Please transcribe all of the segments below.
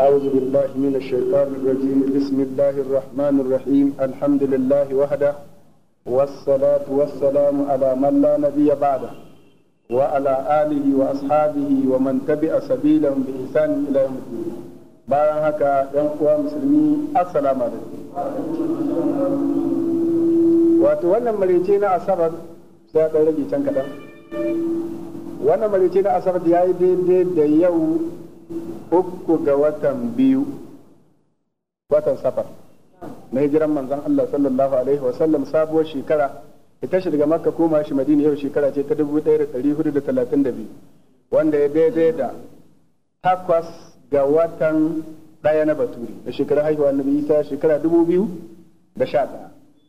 أعوذ بالله من الشيطان الرجيم بسم الله الرحمن الرحيم الحمد لله وحده والصلاة والسلام على من لا نبي بعده وعلى آله وأصحابه ومن تبع سبيلهم بإحسان إلى يوم الدين bayan haka ‘yan uwa musulmi assalamu alaikum wato wannan marice na asabar sai a ɗan rage can kaɗan wannan marice na asabar ya yi daidai da yau uku ga watan biyu watan safar na hijiran manzon Allah sallallahu alaihi wa sallam sabuwar shekara ya tashi daga makka koma shi madina yau shekara ce ta 1432 wanda ya daidai da takwas ga watan daya na baturi da shekarar haihuwa annabi isa shekara 2011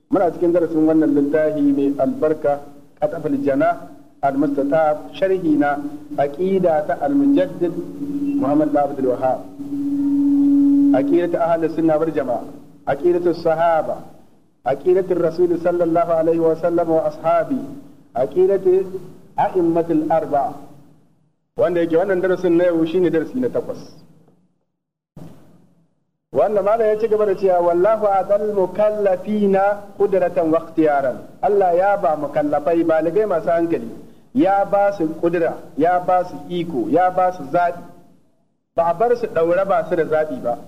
muna cikin darasin wannan littafi mai albarka katafal jana al-mustatab sharhi na aqida ta al-mujaddid Muhammad bin Abdul Wahhab aqidatu ahli sunna wal jamaa aqidatu sahaba aqidatu rasul sallallahu alaihi wa sallam wa ashabi aqidatu a'immatul arba'a wanda yake wannan darasin na yau ne darasi na takwas wannan mala ya ci gaba da cewa wallahu adal mukallafina qudratan wa ikhtiyaran Allah ya ba mukallafai baligai masu hankali ya ba su kudura ya ba su iko ya ba su zabi ba a bar su daure ba su da zabi ba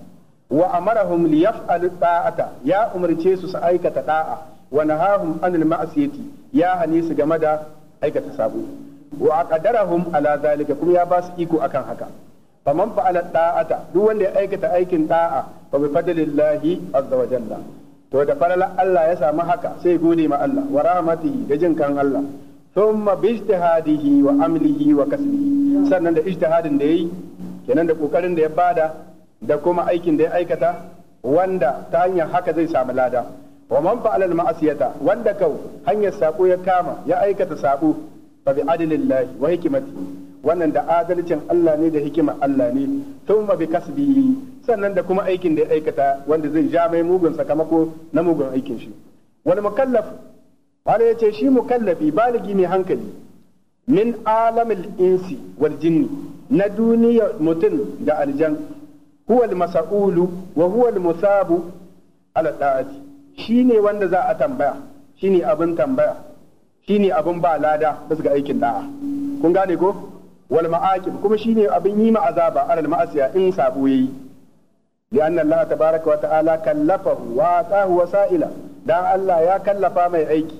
wa amarahum liyaf ta'ata ya umarce su su aikata da'a wa nahahum anil ma'siyati ya hane su game da aikata sabo wa aqadarahum ala zalika kuma ya ba su iko akan haka faman fa'ala da'ata duk wanda ya aikata aikin da'a fa bi fadlillahi azza wa jalla to da farala Allah ya samu haka sai gode ma Allah wa rahmatihi da jin kan Allah thumma bi ijtihadihi wa amlihi wa kasbihi sannan da ijtihadin da yayi kenan da kokarin da ya bada da kuma aikin da ya aikata wanda ta hanyar haka zai samu lada wa man fa'ala al-ma'siyata wanda kau hanyar sako ya kama ya aikata sako fa bi adlillahi wa hikmatihi wannan da adalcin Allah ne da hikima Allah ne thumma bi kasbi sannan da kuma aikin da ya aikata wanda zai ja mai mugun sakamako na mugun aikin shi wal mukallaf wala yace shi mukallafi baligi mai hankali min alamil insi wal jinni na duniya mutum da aljan huwa al mas'ulu wa huwa al musabu ala da'ati shine wanda za a tambaya shine abin tambaya shine abin ba lada bisa ga aikin da'a kun gane ko wal kuma shine abin yi ma azaba alal ma'asiya in sabo yayi لأن الله تبارك وتعالى wa وآتاه wasa'ila. Dan Allah ya kallafa mai aiki.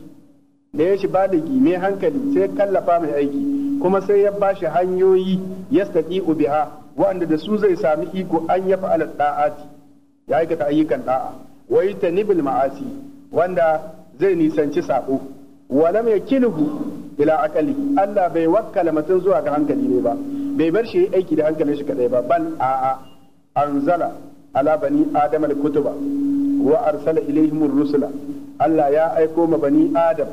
da ya shi baligi mai hankali sai kallafa mai aiki kuma sai ya bashi hanyoyi ya staƙi biha wa'anda da su zai sami iko an ya fa'ala da'ati ya aikata ayyukan da'a wai ta ma'asi wanda zai nisanci sako wa lam yakilhu ila aqali Allah bai wakkala mutum zuwa ga hankali ne ba bai bar shi aiki da hankalin shi kadai ba bal a a anzala ala bani adam al-kutuba wa arsala ilaihim rusula Allah ya aiko ma bani adam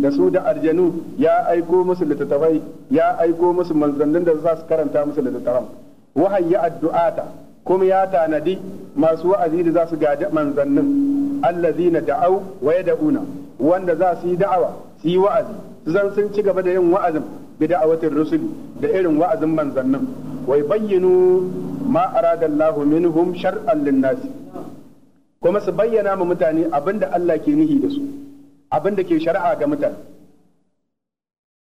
da su da arjanu ya aiko musu littattafai ya aiko musu manzannin da za su karanta musu littattafan wahayya addu'ata kuma ya tanadi masu wa'azi da za su gaji manzannin allazina da'au wa yad'una wanda za su yi da'awa su yi wa'azi su zan sun ci gaba da yin wa'azin bi da'awatin rusul da irin wa'azin manzannin wai bayyanu ma arada minhum shar'an linnasi kuma su bayyana ma mutane abinda Allah ke nihi da su abinda ke shari'a ga mutane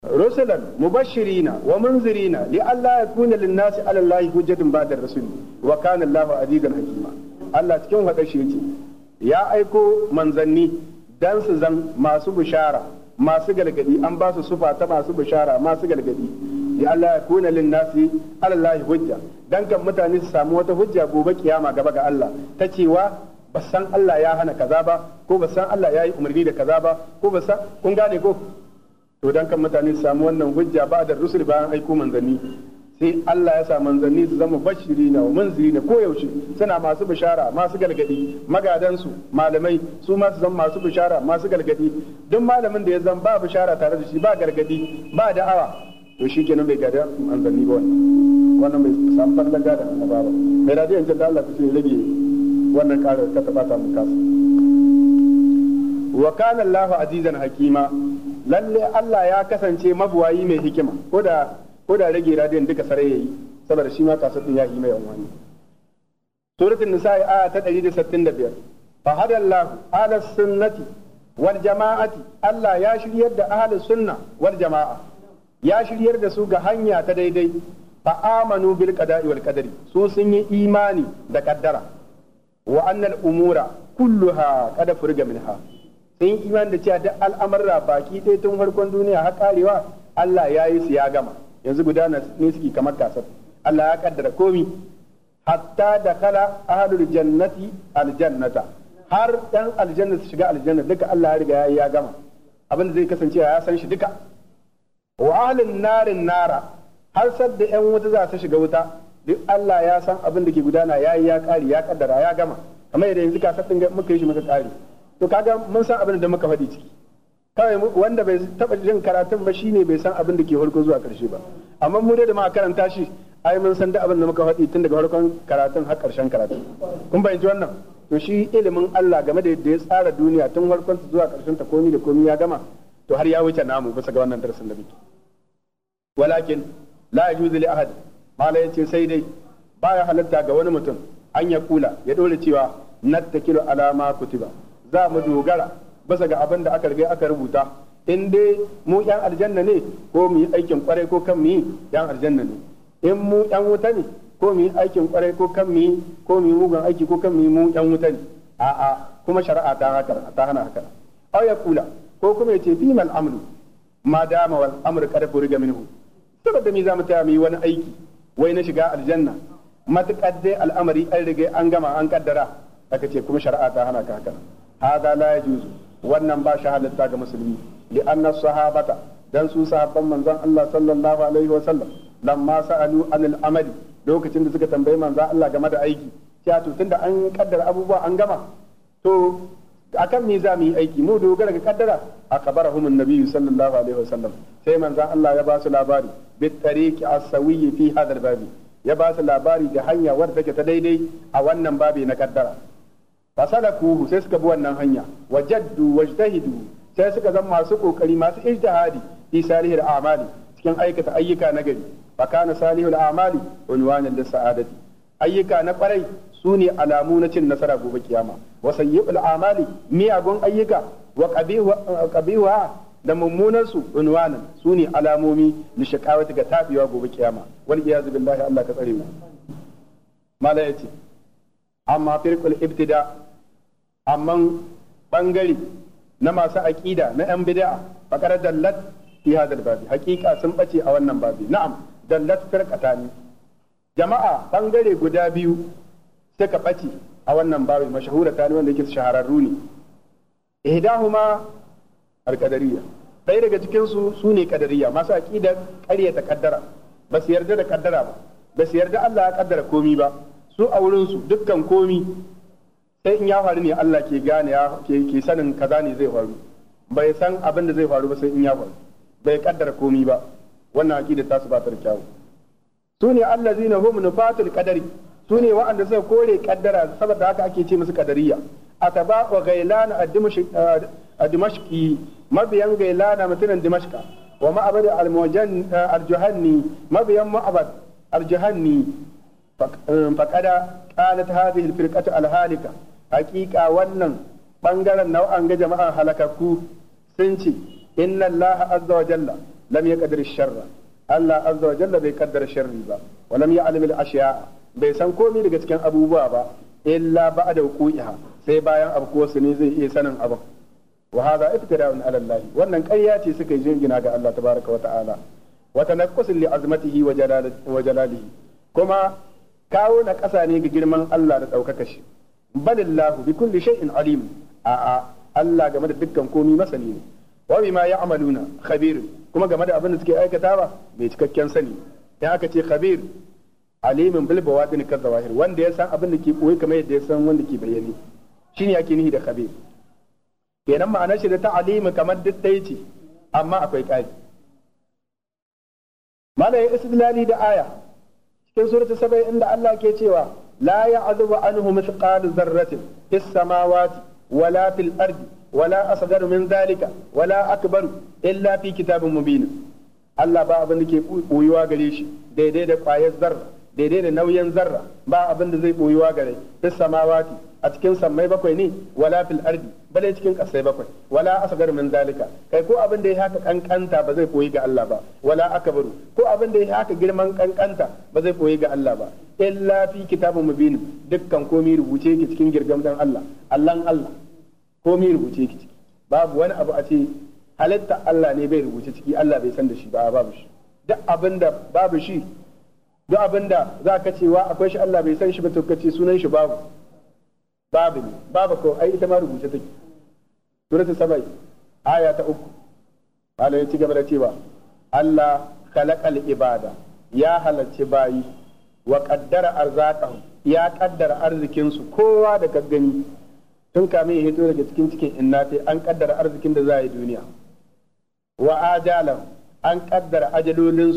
رسلا مبشرين ومنذرين لئلا ala للناس على الله حجة بعد الرسول وكان الله عزيزا Hakima. Allah cikin hada shi ya aiko manzanni dan su zan masu bushara masu galgadi an ba su sufa ta masu bushara masu galgadi ya Allah ya kuna lin nasi alallahi hujja dan kan mutane su samu wata hujja gobe kiyama gaba ga Allah ta cewa ba san Allah ya hana kaza ba ko ba san Allah ya yi umarni da kaza ba ko ba san kun gane ko to dan kan mutane su samu wannan hujja ba da rusul bayan aiko manzanni sai Allah ya sa manzanni su zama bashiri na munziri na koyaushe suna masu bishara masu galgadi magadansu malamai su ma su zama masu bishara masu galgadi duk malamin da ya zama ba bishara tare da shi ba galgadi ba da'awa to shi kenan bai gada manzanni ba wannan bai samu da gada na ba mai radiyon jin da Allah ta ce rage wannan karar ka taba samu kasa wa kana Allahu azizan hakima lalle Allah ya kasance mabuwayi mai hikima ko da ko da rage radiyon duka sarai yayi saboda shi ma kasar din ya yi mai wani suratul Nisa aya ta 165 fa hadallahu ala sunnati wal jama'ati Allah ya shiryar da ahli sunna wal jama'a ya shiryar da su ga hanya ta daidai fa amanu bil qada'i wal qadari su sun yi imani da kaddara wa annal umura kulluha kada furga minha sun yi imani da cewa duk al'amarra baki ɗaya tun farkon duniya har karewa Allah ya yi su ya gama yanzu guda ne suke kamar kasar Allah ya kaddara komi hatta da kala ahlul jannati aljannata har dan aljanna su shiga aljanna duka Allah ya riga ya gama abin da zai kasance ya san shi duka wa ahlun narin nara har da yan wuta za su shiga wuta duk Allah ya san abin da ke gudana ya yi ya kare ya kaddara ya gama kamar yadda yanzu kasar din muka yi shi muka kare to kaga mun san abin da muka faɗi ciki kawai wanda bai taba jin karatun ba shine bai san abin da ke farko zuwa karshe ba amma mu dai da muka karanta shi ai mun san da abin da muka faɗi tun daga farkon karatun har karshen karatun kun bayanci wannan to shi ilimin Allah game da yadda ya tsara duniya tun farkon zuwa karshen ta komi da komi ya gama to har ya wuce namu bisa ga wannan darasin da muke walakin la yajuzu li ahad mala yace sai dai baya halatta ga wani mutum an ya kula ya dole cewa nattakilu alama ma kutiba za mu dogara bisa ga abin da aka riga aka rubuta in dai mu yan aljanna ne ko mu yi aikin kwarai ko kan mu yi yan aljanna ne in mu yan wuta ne ko mu yi aikin kwarai ko kan mu yi ko mu yi mugun aiki ko kan mu yi mu yan wuta ne a'a kuma shari'a ta haka ta hana haka aw ya kula ko kuma ya ce fi mal amru ma dama wal amru kada ku riga minhu saboda me za mu taya mu yi wani aiki wai na shiga aljanna matuƙar dai al'amari an riga an gama an kaddara aka ce kuma shari'a ta hana ka haka hada la yajuzu wannan ba shi halatta ga musulmi li anna sahabata dan su sahabban manzon Allah sallallahu alaihi wa sallam lamma sa'alu anil amali lokacin da suka tambayi manzon Allah game da aiki ya to tunda an kaddara abubuwa an gama to akan me za mu yi aiki mu dogara ga kaddara a kabarahum annabi sallallahu alaihi sallam sai manzon Allah ya ba su labari bi tariqi as-sawi fi hadha babi ya ba su labari da hanya wadda take ta daidai a wannan babi na kaddara fasalakuhu sai suka bi wannan hanya wajaddu wajtahidu sai suka zama masu kokari masu ijtihadi fi salihil a'mali cikin aikata ayyuka na gari fa kana salihul a'mali unwanan lis sa'adati ayyuka na kwarai su ne alamu na cin nasara gobe kiyama wa sayyi'ul a'mali miyagun ayyuka wa qabihuha da mummunan su unwanan su ne alamomi na shakawata ga tabiwa gobe kiyama wal iyazu billahi Allah ka tsare mu mala yace amma firqul ibtida amma bangare na masu aƙida na yan bid'a faqad dallat fi hadal babi haƙiƙa sun bace a wannan babi na'am dallat ne jama'a bangare guda biyu suka bace a wannan babi mashahura ne wanda yake shahararru ne ihdahuma alqadariyya ɗaya daga cikin su sune qadariyya masu aqidar ƙaryata kaddara ba su yarda da kaddara ba ba su yarda Allah ya kaddara komi ba su a wurin su dukkan komi sai in ya faru ne Allah ke gane ya ke sanin kaza ne zai faru bai san abin da zai faru ba sai in ya faru bai kaddara komi ba wannan aqida ta su ba ta kyau. su ne allazina hum nufatul qadari su ne waɗanda suka kore kaddara saboda haka ake ce musu qadariya ataba wa gailana ad-dimashqi mabiyan gailana mutumin dimashqa wa ma'abad al-mujan al-juhanni mabiyan ma'abad al-juhanni faqada qalat hadhihi al-firqatu al-halika hakika wannan bangaren nau'an ga jama'an halakakku sun ce inna allaha azza wa jalla lam yaqdir sharra Allah azza wa jalla bai kaddara sharri ba wa lam ya'lam al ashiya bai san komai daga cikin abubuwa ba illa ba'da wuqiha sai bayan abko su ne zai iya sanin abin wa hadha iftira'un ala Allah wannan ƙarya ce suka yi jingina ga Allah tabaraka wa ta'ala wa tanaqqus li azmatihi wa jalalihi kuma kawo na ƙasa ne ga girman Allah da ɗaukaka shi balillahu bi kulli in alim a'a Allah game da dukkan komi masani ne wa bima ya'maluna Kabiru. kuma game da abin da suke aikatawa mai cikakken sani dan aka ce khabir alimin bil bawadin ka zawahir wanda ya san abin da ke koyi kamar yadda ya san wanda ke bayani shine yake nihi da khabir kenan ma'ana shi da ta alimi kamar duk ta ce amma akwai ƙari malayin istidlali da aya cikin surata sabai inda Allah ke cewa لا يعذب عنه مثقال ذرة في السماوات ولا في الأرض ولا أصغر من ذلك ولا أكبر إلا في كتاب مبين Allah ba abin da ke ɓoyuwa gare shi daidai da ƙwayar zarra daidai da nauyin zarra ba abin da zai ɓoyuwa gare fis samawati a cikin sammai bakwai ne wala fil bale cikin kasai bakwai wala asgar min zalika kai ko abin da ya haka kankanta ba zai koyi ga Allah ba wala akbaru ko abin da ya haka girman kankanta ba zai koyi ga Allah ba illa fi kitabun mubin dukkan komai rubuce yake cikin girgamdan Allah Allahn Allah komai rubuce yake ciki babu wani abu a ce halitta Allah ne bai rubuce ciki Allah bai san da shi ba babu shi duk abin da babu shi duk abin da za ka cewa akwai shi Allah bai san shi ba to kace sunan shi babu babu ne babu ko ai ita ma rubuce take suratul sabai aya ta uku Allah ya ci gaba da cewa Allah khalaqal ibada ya halarci bayi wa qaddara arzaqahum ya kaddara arzikin su kowa da gaggani tun kamin ya hito daga cikin cikin innati an kaddara arzikin da za yi duniya wa ajala an kaddara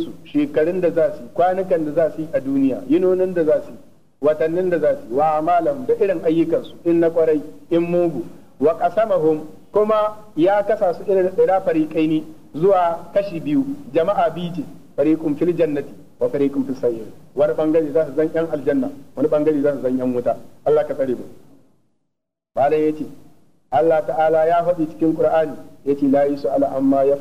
su shekarun da za su kwanukan da za su yi a duniya yinonin da za su watannin da za su wa malam da irin ayyukansu in na kwarai in mugu wa kasamahum kuma ya kasa su irin ila fariqaini zuwa kashi biyu jama'a biyu ce fariqun fil jannati wa fariqun fil sayyid wani bangare za su zan yan aljanna wani bangare za su zan yan wuta Allah ka tsare mu malam yace Allah ta'ala ya faɗi cikin Qur'ani yace la yusu ala amma ya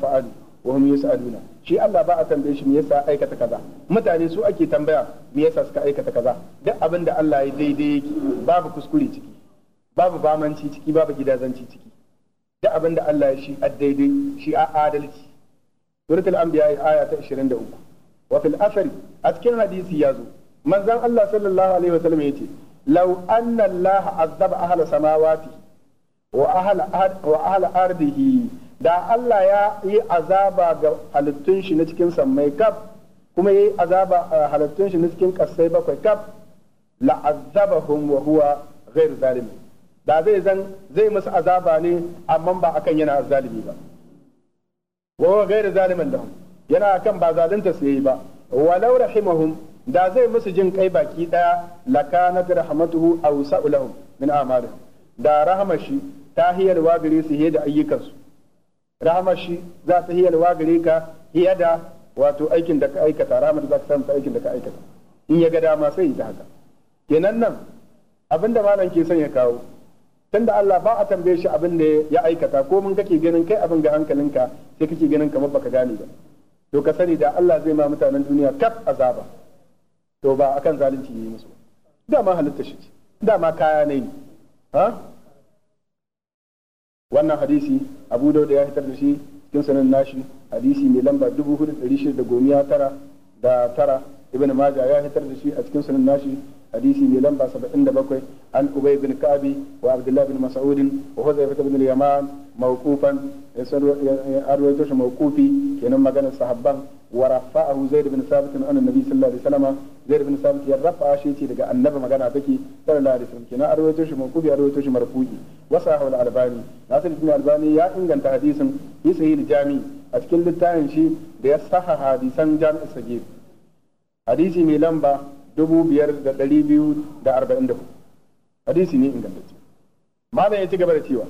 wa hum yus'aluna shi Allah ba a tambaye shi me yasa aikata kaza mutane su ake tambaya me yasa suka aikata kaza duk abin da Allah ya daidai yake babu kuskure ciki babu bamanci ciki babu gidazanci ciki duk abin da Allah ya shi a daidai shi a adalci suratul anbiya aya ta 23 wa fil asari a cikin hadisi ya zo manzon Allah sallallahu alaihi wasallam yace law anna Allah azaba ahla samawati wa ahla wa ahla da Allah ya yi azaba ga halittun shi na cikin sammai kaf kuma yi azaba a halittun shi na cikin kasai bakwai kaf la'azzabahum wa huwa ghairu zalimi da zai zan zai musu azaba ne amma ba akan yana zalimi ba wa huwa ghairu zalimin lahum yana akan ba zalunta su yi ba walau rahimahum da zai musu jin kai baki daya lakanat rahmatuhu awsa'u lahum min a'malihim da rahama shi tahiyar wa gare su da ayyukansu rahama shi za ta hiyalwa gare ka hiya da wato aikin da ka aikata rahama za ka samu ta aikin da ka aikata in ya ga dama sai ta haka kenan nan abinda malam ke son ya kawo tunda Allah ba a tambaye shi abin da ya aikata ko mun kake ganin kai abin ga hankalinka sai kake ganin kamar baka gane ba to ka sani da Allah zai ma mutanen duniya kaf azaba to ba akan zalunci ne musu dama halitta shi da dama kaya ne ha wannan hadisi abu dauda ya fitar da shi cikin sanin nashi hadisi mai lamba dubu hudu ɗari shida da gomiya tara da tara ibn maja ya fitar da shi a cikin sanin nashi hadisi mai lamba saba'in da bakwai an ubay bin ka'abi wa abdullahi bin mas'udin wa huzaifa bin yaman mawqufan ya arwaito shi mawqufi kenan maganar sahabban ورفعه زيد بن ثابت عن النبي صلى الله عليه وسلم زيد بن ثابت ya rafa shi ce daga annabi magana take sallallahu alaihi wasallam kenan arwayo shi mankubi arwayo shi marfu'i wasa hawal albani nasir ibn albani ya inganta hadisin fi sahih a cikin littafin shi da ya saha hadisan jami'i sagir hadisi mai lamba 5244 hadisi ne ingantacce malam ya ci gaba da cewa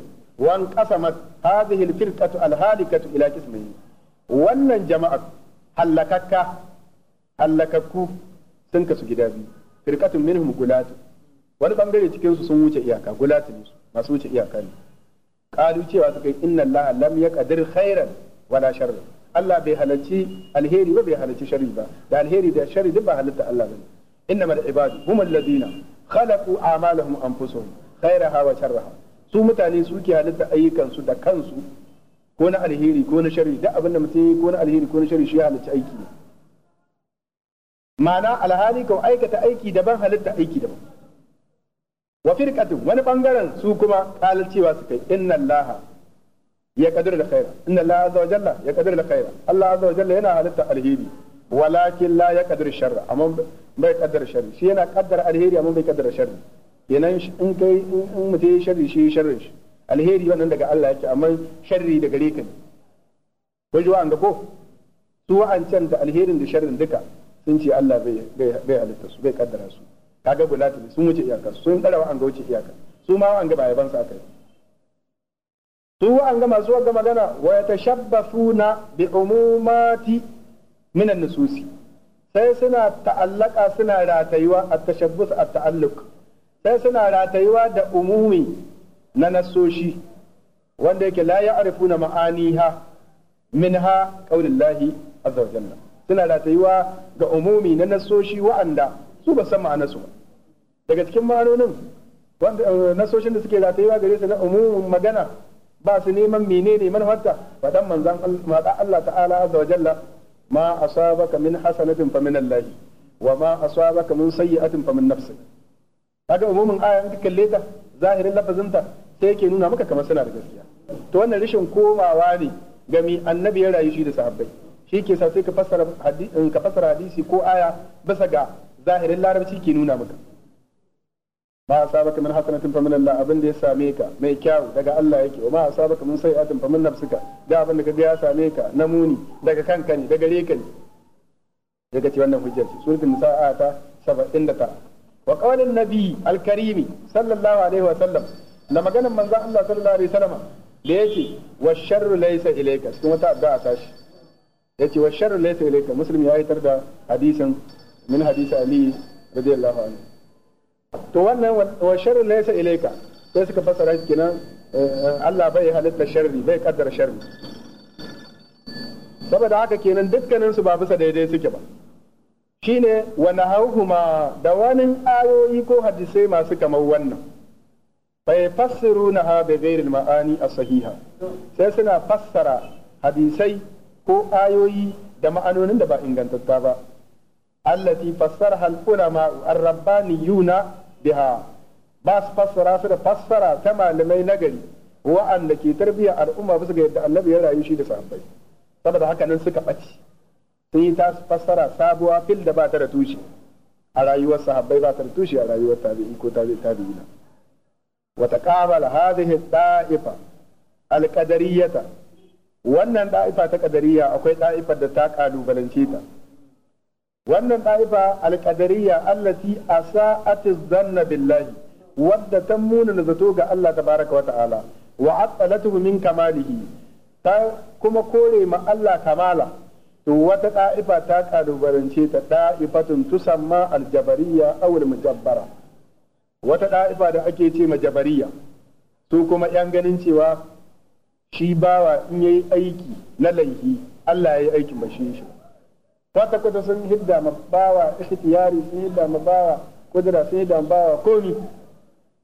wan qasamat hadhihi alfirqatu alhalikatu ila wannan jama'ar. hallakakka hallakakku sun kasu gida biyu firqatun minhum gulatu wani bangare cikin su sun wuce iyaka gulatu ne masu wuce iyaka ne qalu cewa suka inna allaha lam yaqdir khairan wala sharran Allah bai halarci alheri ba bai halarci Sharri ba da alheri da Sharri duk ba halitta Allah bane innamal ibadu hum alladhina khalaqu a'malahum anfusuhum khairaha wa sharraha su mutane suke halitta ayyukansu da kansu ko na alheri ko na shari duk abin da mutum yi ko na alheri ko na shari shi ya halitta aiki ne ma'ana alhali ka aikata aiki daban halitta aiki daban wa firqatin wani bangaren su kuma cewa su kai inna allaha ya kadir da khaira inna allaha azza wa jalla ya kadir da khaira allah azza wa jalla yana halitta alheri walakin la ya kadir sharra amma bai kaddara sharri shi yana kaddara alheri amma bai kaddara sharri kenan in kai in mutum ya sharri shi sharrin shi alheri wannan daga Allah yake amma sharri daga gare ka ne wajen ga ko su wa'ancan da alherin da sharrin duka sun ce Allah bai halitta su bai kaddara su kaga bulatu sun wuce iyaka sun tsara ga wuce iyaka su ma wa'anga ba yaban sa kai su ga masu ga magana wa yatashabbafuna bi umumati minan nususi sai suna ta'allaka suna ratayuwa at-tashabbus at-ta'alluq sai suna ratayuwa da umumi na nasoshi wanda yake la ya ya'rifuna ma'aniha minha qaulillahi azza wa jalla suna ratayuwa ga umumi na nasoshi wa'anda su ba san ma'anarsu ba daga cikin ma'anonin wanda eh, nasoshin da suke ratayuwa gare su na umumin magana ba su neman menene manufarta faɗan manzan Allah ta'ala azza wa jalla ma asabaka min hasanatin fa min Allah wa ma asabaka min sayyi'atin fa min nafsik kaga umumin ayan ka kalle ta zahirin ta. ta yake nuna maka kamar suna da gaskiya to wannan rashin komawa ne game annabi ya rayu shi da sahabbai shi ke sa sai ka fassara hadisi ka fassara hadisi ko aya bisa ga zahirin larabci ke nuna maka ma asabaka min hasanatin fa min Allah abin da ya same ka mai kyau daga Allah yake wa ma asabaka min sayi'atin fa min nafsika da abin da kaga ya same ka na muni daga kanka ne daga gare ka ne daga ci wannan hujjar ce suratul nisa da 79 wa qawlan nabi al-karimi sallallahu alaihi wa sallam na maganar manzon Allah sallallahu alaihi wasallam da yake wa sharru laysa ilayka cikin wata addu'a ta shi yace wa sharru laysa ilayka muslim ya yitar da hadisin min hadisi ali radiyallahu anhu to wannan wa sharru laysa ilayka sai suka fassara shi kenan eh, Allah bai halitta sharri bai kaddara sharri saboda haka kenan dukkanin su ba bisa daidai suke ba shine wa nahawhuma da wani ayoyi ko hadisai masu kamar wannan bai fassiru na ha bai ma'ani a sahiha sai suna fassara hadisai ko ayoyi da ma'anonin da ba ingantatta ba allati fassara halkuna ulama yuna biha ba su fassara su da fassara ta malamai nagari wa'anda ke tarbiyyar al'umma bisa ga yadda annabi ya rayu shi da sahabbai saboda haka nan suka ɓaci sun yi ta fassara sabuwa fil da ba ta da tushe a rayuwar sahabbai ba ta da tushe a rayuwar tabi'i ko tabi'i tabi'ina وتقابل هذه الطائفة القدرية wannan ɗa'ifa ta ƙadariya akwai ɗa'ifar da ta ƙalubalance ta wannan ɗa'ifa alƙadariya allati a sa'ati zanna billahi wadda ta muna na zato ga Allah tabaraka wa ta'ala wa atsalatuhu min kamalihi ta kuma kore ma Allah kamala to wata ɗa'ifa ta ƙalubalance ta ɗa'ifatun tusamma aljabariya awul mujabbara wata ɗa'ifa da ake ce ma jabariya su kuma ‘yan ganin cewa shi bawa in ya yi aiki na laifi Allah ya yi aikin bashe shi kwata kwata sun hidda ma bawa ikhtiyari sun hidda ma bawa kudura sun hidda ma bawa komi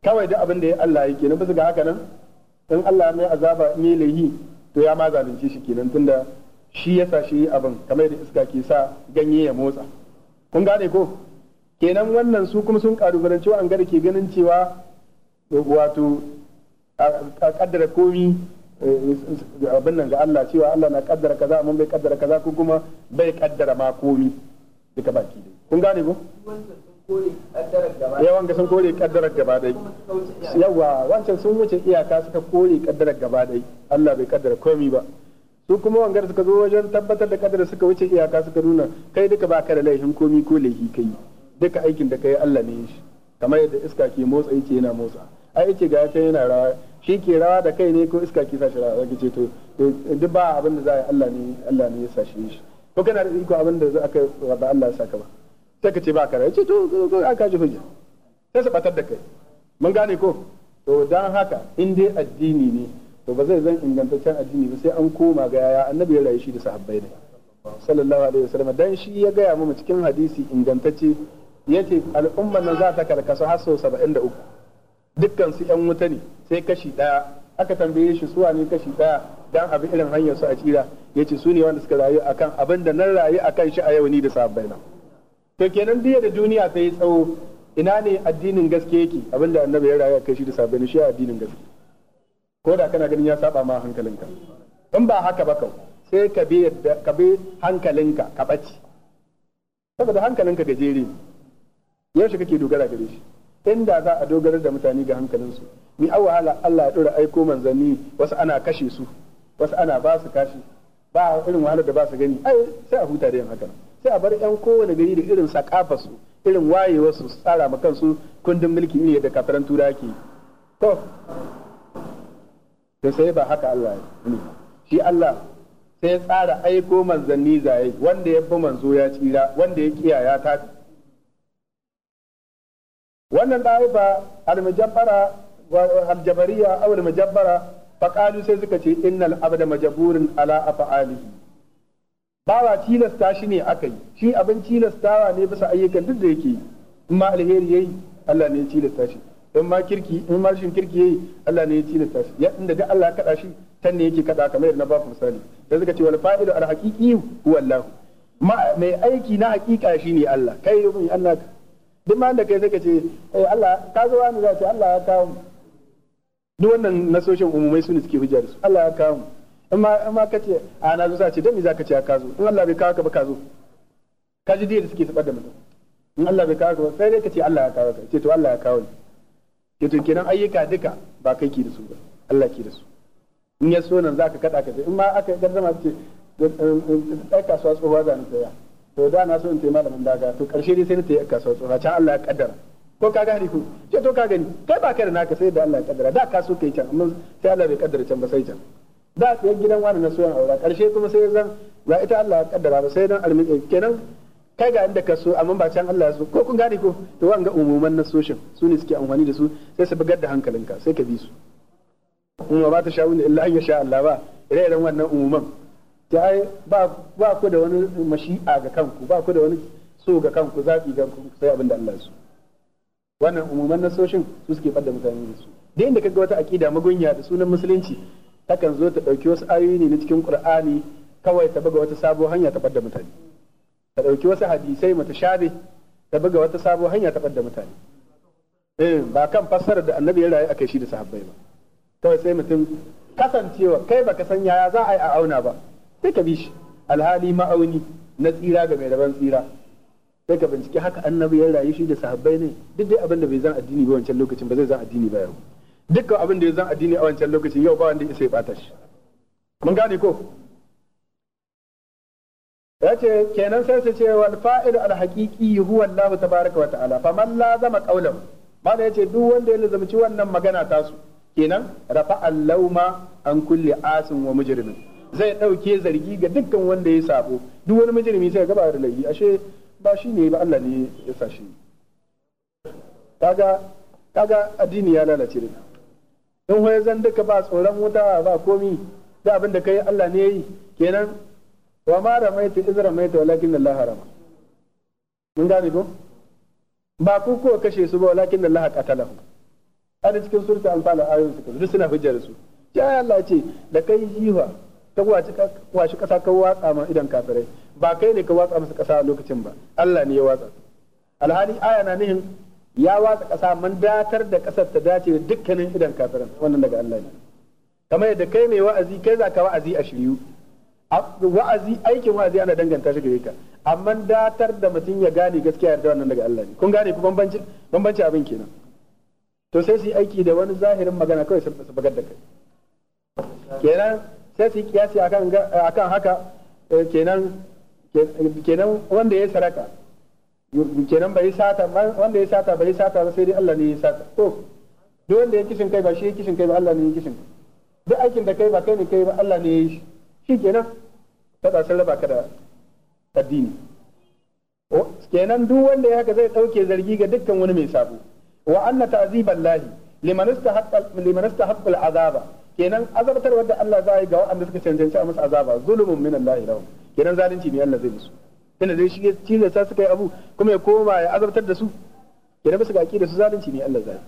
kawai da abin da ya Allah yake na bisa ga haka nan in Allah mai azaba in yi to ya ma zalunce shi kenan tunda shi yasa shi abin kamar da iska ke sa ganye ya motsa kun gane ko kenan wannan su kuma sun cewa an gada ke ganin cewa wato a kaddara komi eh, abin nan ga Allah cewa Allah na kaddara kaza mun bai kaddara kaza ko kuma bai kaddara ma komi duka baki dai kun gane ko yawan ga sun kore kaddarar gaba dai yawa wancan sun wuce iyaka suka kore kaddarar gaba dai Allah bai kaddara komi ba su kuma wangar suka zo wajen tabbatar da kaddara suka wuce iyaka suka nuna kai duka ba ka da laifin komi ko laifi kai duka aikin da kai Allah ne shi kamar yadda iska ke motsa yace yana motsa ai yace ga ta yana rawa shi ke rawa da kai ne ko iska ke sa shi rawa ce to duk ba abin da za a yi Allah ne Allah ne ya sa shi ko kana da iko abin da za kai ba Allah ya saka ba sai ka ce ba ka yace to ka ji hujja sai su batar da kai mun gane ko to dan haka in dai addini ne to ba zai zan ingantaccen addini ba sai an koma ga yaya annabi ya rayu shi da sahabbai ne sallallahu alaihi wasallam dan shi ya gaya mu cikin hadisi ingantacce yace al'ummar nan za ta karkasu har sau uku dukkan su yan wuta ne sai kashi daya aka tambaye shi suwa ne kashi daya dan abin irin hanyar su a tsira yace su ne wanda suka rayu akan abin da nan rayu akan shi a yau ni da sabbai nan to kenan biya da duniya ta yi tsawo ina ne addinin gaske yake abin da annabi ya rayu akan shi da na shi addinin gaske ko da kana ganin ya saba ma hankalinka in ba haka ba kau sai ka bi hankalinka ka ɓaci saboda hankalinka gajere ne yaushe kake dogara gare shi inda za a dogara da mutane ga hankalinsu ni a wahala Allah ya dora aiko manzanni wasu ana kashe su wasu ana ba su kashi ba irin wahalar da ba su gani ai sai a huta da yin haka sai a bar yan kowane gari da irin sakafa su irin waye su tsara ma kansu kundin mulki ne da kafiran tura ke to to sai ba haka Allah ya ne shi Allah sai ya tsara aiko manzanni zaye wanda ya bi manzo ya tsira wanda ya kiyaya ta wannan ɗaifa almujabbara aljabariya aw almujabbara faqalu sai suka ce innal abda majburun ala af'alihi bawa tilasta shi ne aka yi shi abin tilastawa ne bisa ayyukan duk da yake yi in ma alheri yayi Allah ne ya tilasta shi in ma kirki in ma shin kirki yayi Allah ne ya tilasta shi ya inda duk Allah ya kada shi tan ne yake kada kamar yadda na ba ku misali da suka ce wal fa'ilu al haqiqi huwa Allah mai aiki na hakika shi ne Allah kai yi Allah duk ma da kai sai ka ce eh, Allah ka zo wani za ce Allah ya kawo mu duk wannan nasoshin umumai su ne suke hujja da su Allah ya kawo mu in ma ka ce a na zo za ce dami za ka ce ka kazo in Allah bai kawo ka ba ka zo ka ji da suke tabar da mutum in Allah bai kawo ka ba sai dai ka ce Allah ya kawo ka ce to Allah ya kawo ni Ke to kenan ayyuka duka ba kai ke da su ba Allah ke da su in ya so nan za ka kada ka in ma aka gardama ce ɗan eh, eh, kasuwa tsohuwa za ni saya to da na so in taimaka malamin daga to karshe dai sai na tayi kasuwa tsora can Allah ya kaddara ko ka gani ko ce to ka gani kai ba kai da naka sai da Allah ya kaddara da ka so kai can amma sai Allah bai kaddara can ba sai can da sai gidan wani na soyan aura karshe kuma sai zan ba ita Allah ya kaddara ba sai dan almin kenan kai ga inda ka so amma ba can Allah ya so ko kun gane ko to wanga umuman na soshin su ne suke amfani da su sai su bugar da hankalinka sai ka bi su kuma ba ta sha'uni illa an ya sha Allah ba ire-iren wannan umuman ki ai ba ku da wani mashi'a ga kanku ba ku da wani so ga kanku zaɓi ga kanku sai abin da Allah su wannan umuman nasoshin su suke fadda mutane da su da inda kaga wata aƙida magunya da sunan musulunci takan zo ta dauki wasu ayoyi ne na cikin Qur'ani kawai ta buga wata sabo hanya ta fadda mutane ta dauki wasu hadisai shabe ta buga wata sabo hanya ta fadda mutane eh ba kan fassara da annabi ya rayu akai shi da sahabbai ba kawai sai mutum kasancewa kai baka san yaya za a yi a auna ba sai ka bi shi alhali ma'auni na tsira ga mai rabon tsira sai ka binciki haka annabi ya rayu shi da sahabbai ne duk dai abin da bai zan addini ba wancan lokacin ba zai zan addini ba yau dukkan abin da ya zan addini a wancan lokacin yau ba wanda ya sai bata shi mun gane ko yace kenan sai su ce wal fa'il al haqiqi huwa Allah tabaaraka wa ta'ala faman lazama qawlan mana yace duk wanda ya lazamci wannan magana tasu kenan rafa al lauma an kulli asin wa mujrimin zai ɗauke zargi ga dukkan wanda ya sabo duk wani mujrimi sai gaba da laifi ashe ba shi ne ba Allah ne ya sa shi kaga kaga addini ya lalace ne in hoye zan duka ba tsoron wuta ba komi da abin da kai Allah ne yayi kenan wa ma ramaita iz ramaita walakin Allah harama mun gane ko ba ku ko kashe su ba walakin Allah qatalahu ana cikin surta anfal ayoyin su duk suna hujjar su ya Allah ce da kai jiwa ka washi ƙasa ka watsa ma idan kafirai ba kai ne ka watsa masa ƙasa a lokacin ba Allah ne ya watsa alhali aya na nihin ya watsa ƙasa man datar da ƙasar ta dace da dukkanin idan kafirai wannan daga Allah ne kamar yadda kai ne wa'azi kai za ka wa'azi a shiryu wa'azi aikin wa'azi ana danganta shi gare ka amma datar da mutum ya gane gaskiya yarda wannan daga Allah ne kun gane ku bambanci bambanci abin kenan to sai su yi aiki da wani zahirin magana kawai fasa bagar da kai kenan sai su yi kiyasi a kan haka eh, kenan wanda ya saraka kenan bai sata wanda ya sata bai sata ba sai dai Allah ne ya sata to duk wanda ya kishin kai ba shi ya kishin kai ba Allah ne ya kishin kai duk aikin da kai ba kai ne kai ba Allah ne ya yi shi kenan ta tsasar raba ka da addini kenan duk wanda ya haka zai ɗauke zargi ga dukkan wani mai sabo wa anna ta'ziban lahi liman istahaqqa liman istahaqqa al'azaba kenan azabtar wanda Allah za yi ga waɗanda suka cancanci a masu azaba zulumun min Allah kenan zalunci ne Allah zai musu tunda zai shige cizai sa suka yi abu kuma ya koma ya azabtar da su kenan bisa ga da su zalunci ne Allah zai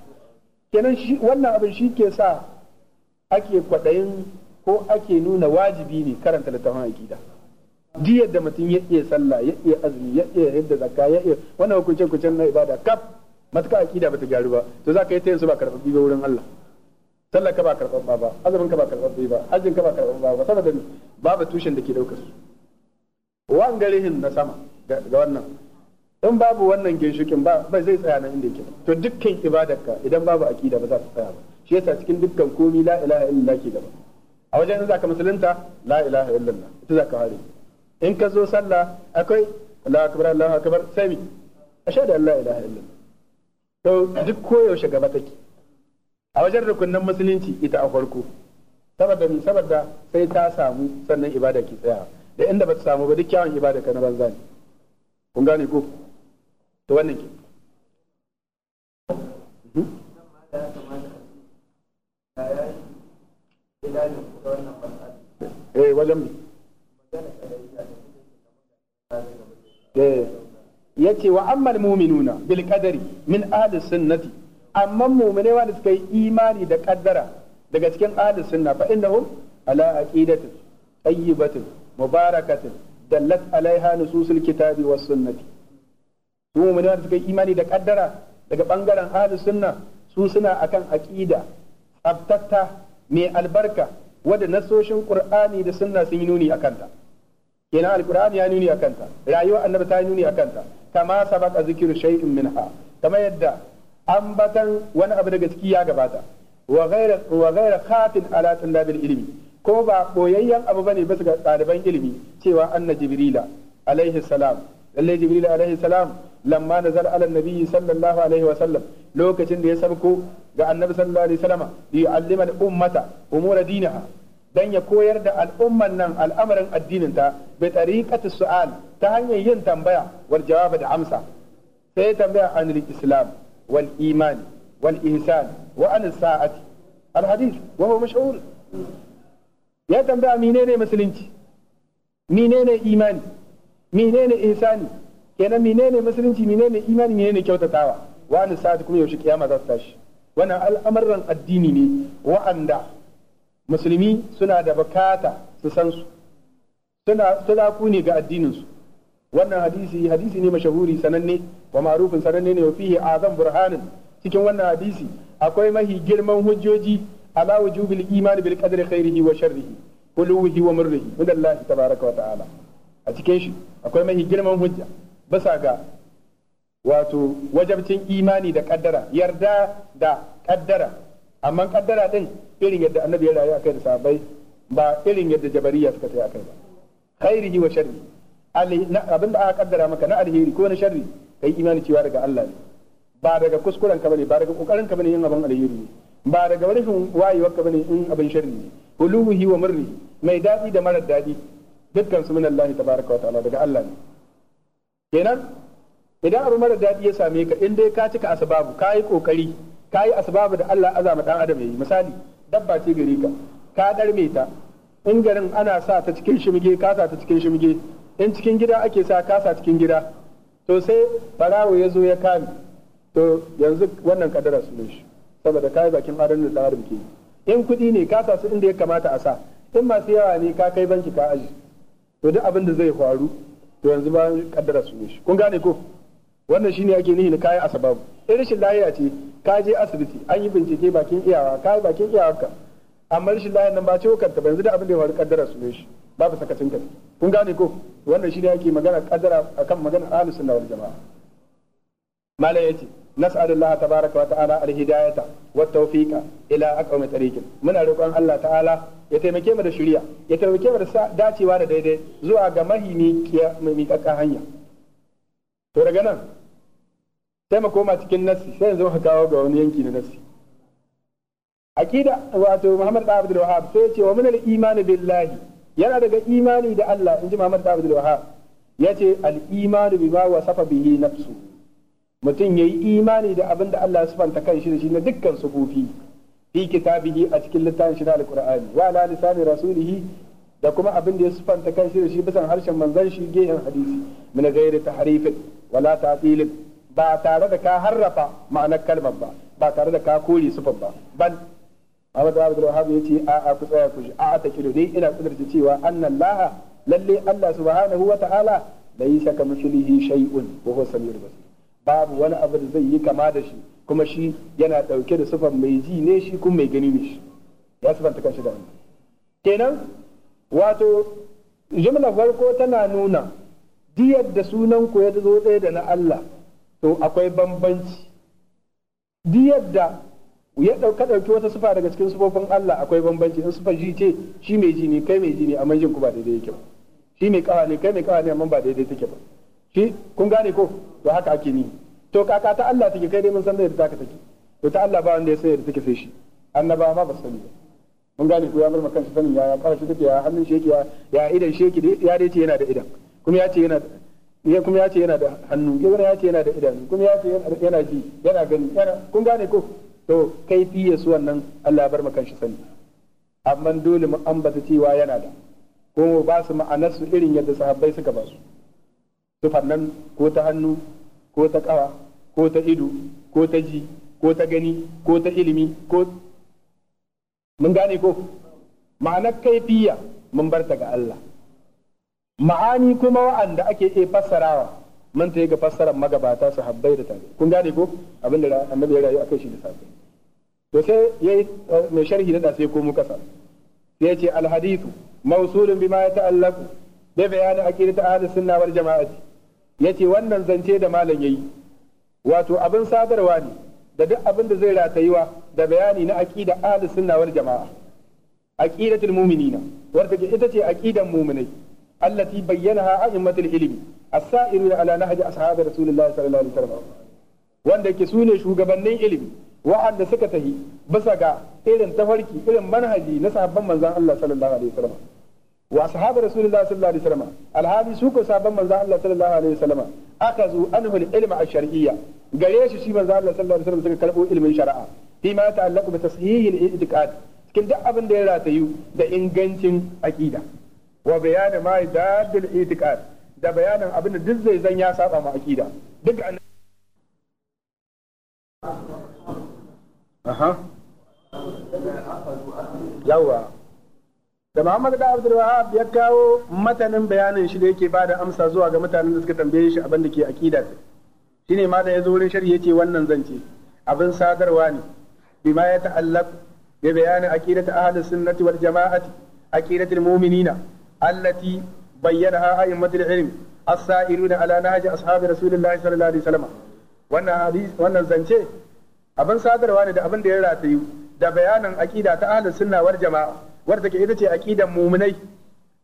kenan wannan abin shi ke sa ake kwaɗayin ko ake nuna wajibi ne karanta littafin aƙida. duk yadda mutum ya iya sallah ya iya azumi ya iya yadda zakka ya iya wannan hukunce kucin na ibada kaf matuƙa aƙida bata gyaru ba to za ka yi ta yin su ba karɓaɓɓi ba wurin Allah sallar ka ba karɓar ba azumin ka ba karɓar ba hajjin ka ba karɓar ba saboda babu tushen da ke ɗaukar su wangarihin na sama ga wannan in babu wannan ginshikin ba bai zai tsaya nan inda yake to dukkan ibadarka idan babu aqida ba za ta tsaya ba shi yasa cikin dukkan komi la ilaha illallah ke gaba a wajen in zaka musulunta la ilaha illallah ita zaka fare in ka zo sallah akwai la akbar allahu akbar sami ashhadu an la ilaha illallah to duk koyaushe gaba take a wajen rukunin musulunci ita a farko saboda mi saboda sai ta samu sannan ibada ki tsaya da inda ba ta samu ba duk kyawun ibada ka na banza ne kun gane ko to wannan ke mhm. eh wajen mi ya eh. yace wa amma mu'minuna bil qadari min ahli sunnati amma mu'mine wanda suka yi imani da kaddara daga cikin ahlus sunna fa innahum ala aqidatin tayyibatin mubarakatin dallat alaiha nususul kitabi was sunnati su mu'mine wanda suka yi imani da kaddara daga bangaren ahlus sunna su suna akan aqida tsabtatta mai albarka wadda nasoshin qur'ani da sunna sun yi nuni akan ta kenan alqur'ani ya nuni akan ta rayuwar annabi ta nuni akan ta kama sabaka zikru shay'in minha kamar yadda ambatan wani abu daga ciki ya gabata wa ghaira wa ghaira khatin ala tullabil ilmi ko ba boyayyen abu bane bisa ga ɗaliban ilimi cewa anna jibrila alaihi salam lalle jibrila alaihi salam lamma nazar ala nabiyyi sallallahu alaihi wa sallam lokacin da ya sabko ga annabi sallallahu alaihi wasallama li yu'allima al-ummata umura dinaha dan ya koyar da al'umman nan al'amarin addinin ta bi tariqati su'al ta hanyar yin tambaya wal jawab da amsa sai tambaya anil islam والإيمان والإنسان وعن الساعة الحديث وهو مشهور يا تنبأ منين مسلمتي منين إيماني menene insani kenan menene musulunci menene imani menene kyautatawa wani sa'ati kuma yaushe kiyama za su tashi wannan al'amuran addini ne wa'anda musulmi suna da bukata su san su ne ga addinin su wannan hadisi hadisi ne mashahuri sananne wa ma'rufin sananne ne wa fihi azam burhanin cikin wannan hadisi akwai mahi girman hujjoji ala wujubil iman bil qadri khairihi wa sharrihi kuluhi wa murrihi min Allah tabaaraka wa ta'ala a cikin shi akwai mahi girman hujja bisa ga wato wajabcin imani da kaddara yarda da kaddara amma kaddara din irin yadda annabi ya rayu akai da sahabbai ba irin yadda jabariya suka tayi akai ba khairihi wa sharrihi abin da aka kaddara maka na alheri ko na sharri kai imani cewa daga Allah ne ba daga kuskuren ka bane ba daga kokarin ka bane yin abin alheri ne ba daga wurin wayewar ka bane in abin sharri ne uluhi wa murri mai dadi da marar dadi dukkan su min Allah wa ta'ala daga Allah ne kenan idan abu marar dadi ya same ka in dai ka cika asbabu ka yi kokari ka yi asbabu da Allah azama dan adam yayi misali dabba ce gare ka ka darme ta in garin ana sa ta cikin shimge ka sa ta cikin shimge in cikin gida ake sa kasa cikin gida to sai barawo ya zo ya kame to yanzu wannan kadara su shi saboda kai bakin adon da tsarin ke in kuɗi ne kasa su inda ya kamata a sa in masu yawa ne ka kai banki ka aji to duk abin da zai faru to yanzu ba kadara su shi kun gane ko wannan shine ake nihin na kayan asababu in rashin lahiya ce ka je asibiti an yi bincike bakin iyawa ka bakin iyawarka amma rashin lafiya nan ba ce kanta ba yanzu da abin da ya faru kaddara su ne shi babu sakacin kai kun gane ko wannan shi ne yake magana kaddara akan magana ahlus sunna wal jamaa malai yace نسأل wa تبارك وتعالى wa tawfiqa ila aqwam tariqin muna roƙon Allah ta'ala ya taimake mu da shari'a ya taimake mu da dacewa da daidai zuwa ga mahimi mai kakka hanya to daga nan sai mu koma cikin nasi sai yanzu ka kawo ga wani yanki na nasi. aqida wato Muhammad da Abdul Wahhab sai ya ce wa min al billahi yana daga imani da Allah inji Muhammad da Abdul Wahhab yace al-iman bima wasafa bihi nafsu mutum yayi imani da abin da Allah ya sifanta kanshi da shi na dukkan sufufi fi kitabihi a cikin littafin shi na al-Qur'ani wa ala lisani rasulihi da kuma abin da ya sifanta kanshi da shi bisan harshen manzon shi gehen hadisi min ghairi tahrifin wala ta'til ba tare da ka harrafa ma'anar kalmar ba ba tare da ka kore sifar ba Ahmad bin Abdul ya ce a a ku tsaya ku a ta kido ni ina kudurta cewa annallaha lalle Allah subhanahu wa ta'ala saka kamithlihi shay'un wa huwa samiyul basir babu wani abu da zai yi kama da shi kuma shi yana dauke da sifan mai ji ne shi kuma mai gani ne shi ya sifanta kanshi da wannan kenan wato jumla farko tana nuna diyar da sunan ku ya zo ɗaya da na Allah to akwai bambanci diyar da ya ɗauka ɗauki wata sufa daga cikin sufofin Allah akwai bambanci in sufa ji ce shi mai ji ne kai mai ji ne amma jin ku ba daidai yake ba shi mai kawa ne kai mai kawa ne amma ba daidai take ba shi kun gane ko to haka ake ni to kaka ta Allah take kai dai mun san da yadda take take to ta Allah ba wanda ya san yadda take sai shi annaba ma ba su sani ba mun gane ko ya murma kansa sanin ya fara shi take ya hannun shi yake ya ya idan shi yake ya dai ce yana da idan kuma ya ce yana da ya kuma ya ce yana da hannu ya ce yana da idanu kuma ya ce yana ji yana gani yana kun gane ko to fiye su wannan Allah ya bar mu shi sani amma dole mu ambata cewa yana da ko mu ba su ma'anar su irin yadda sahabbai suka ba su su fannan ko ta hannu ko ta kawa ko ta ido ko ta ji ko ta gani ko ta ilimi ko mun gane ko ma'anar kaifiya mun bar ta ga Allah ma'ani kuma wa'anda ake iya fassarawa mun ta ga fassarar magabata sahabbai da tare kun gane ko abin da annabi ya rayu akai shi da sahabbai to sai yi eh, mai sharhi da sai komo kasa sai yace al hadithu mawsulun bima yata'allaqu da bayanin ta ahli sunna wal jama'ati yace wannan zance da malam yayi wato abin sadarwa ne da duk abin da zai ratayuwa da bayani na aqida ahli sunna wal jama'a aqidatul mu'minina wanda ita ce aqidan mu'minai allati bayyanaha a'immatul ilmi as-sa'iruna ala nahji ashabi rasulillahi sallallahu alaihi wasallam wanda ke sune shugabannin ilimi wa'anda suka tahi bisa ga irin tafarki irin manhaji na sahabban manzon Allah sallallahu alaihi wasallam wa ashabu rasulullah sallallahu alaihi wasallam alhabi su ko sahabban manzon Allah sallallahu alaihi wasallam akazu anhu al-ilma ash-shar'iyya gare shi shi manzon Allah sallallahu alaihi wasallam suka karbo ilmin shari'a fi ma ta'allaqu bi tashihi al-i'tiqad cikin duk abin da ya ratayu da ingancin aqida wa bayanin ma yadadul i'tiqad da bayanin abin da duk zai zan ya saba ma aqida duk aha yawa da Muhammad da Abdul Wahab ya kawo matanin bayanin shi da yake bada amsa zuwa ga mutanen da suka tambaye shi abin da ke aqida shine ma da yazo wurin shari'a yace wannan zance abin sadarwa ne bima ya ta'allaq bi bayani aqidati ahli sunnati wal jama'ati aqidati al mu'minina allati bayyanaha a'immatul ilm as-sa'iruna ala nahji ashabi rasulillahi sallallahu alaihi wasallam wannan hadis wannan zance abin sadarwa ne da abin da ya ratayu da bayanin aqida ta ahlus sunna wal jamaa wadda take ita ce aqidan mu'minai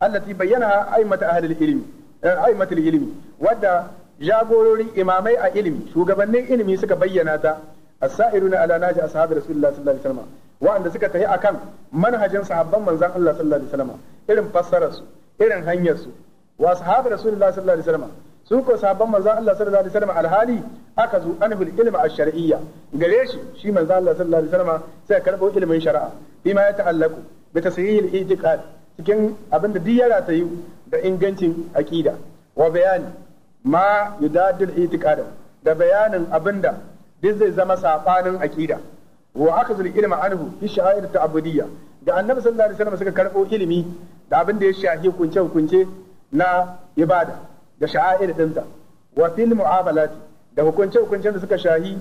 allati bayyana aimata ahlul ilmi eh, aimatul ilmi wadda jagororin imamai a ilimi shugabannin ilimi suka bayyana ta as-sa'iruna ala naji ashabi rasulullah sallallahu alaihi wasallam wa'anda suka tafi akan manhajin sahabban manzon Allah sallallahu alaihi wasallam irin fassararsu irin hanyarsu wa ashabi rasulullah sallallahu alaihi wasallam su ko sahabban manzon Allah sallallahu alaihi wasallam alhali aka zu anhul ilmi ash-shar'iyya gare shi shi manzon Allah sallallahu alaihi wasallam sai karbo ilimin shari'a bima ya ta'allaku bi tasihil i'tiqad cikin abinda duk ta yi da ingancin aqida wa bayani ma yudadil i'tiqad da bayanin abinda duk zai zama safanin aqida wa akazul ilma anhu fi sha'air ta'budiyya da annabi sallallahu alaihi wasallam suka karbo ilimi da abinda ya shafi kunce kunce na ibada da sha'air dinta wa fil mu'amalati da hukunce hukunce da suka shahi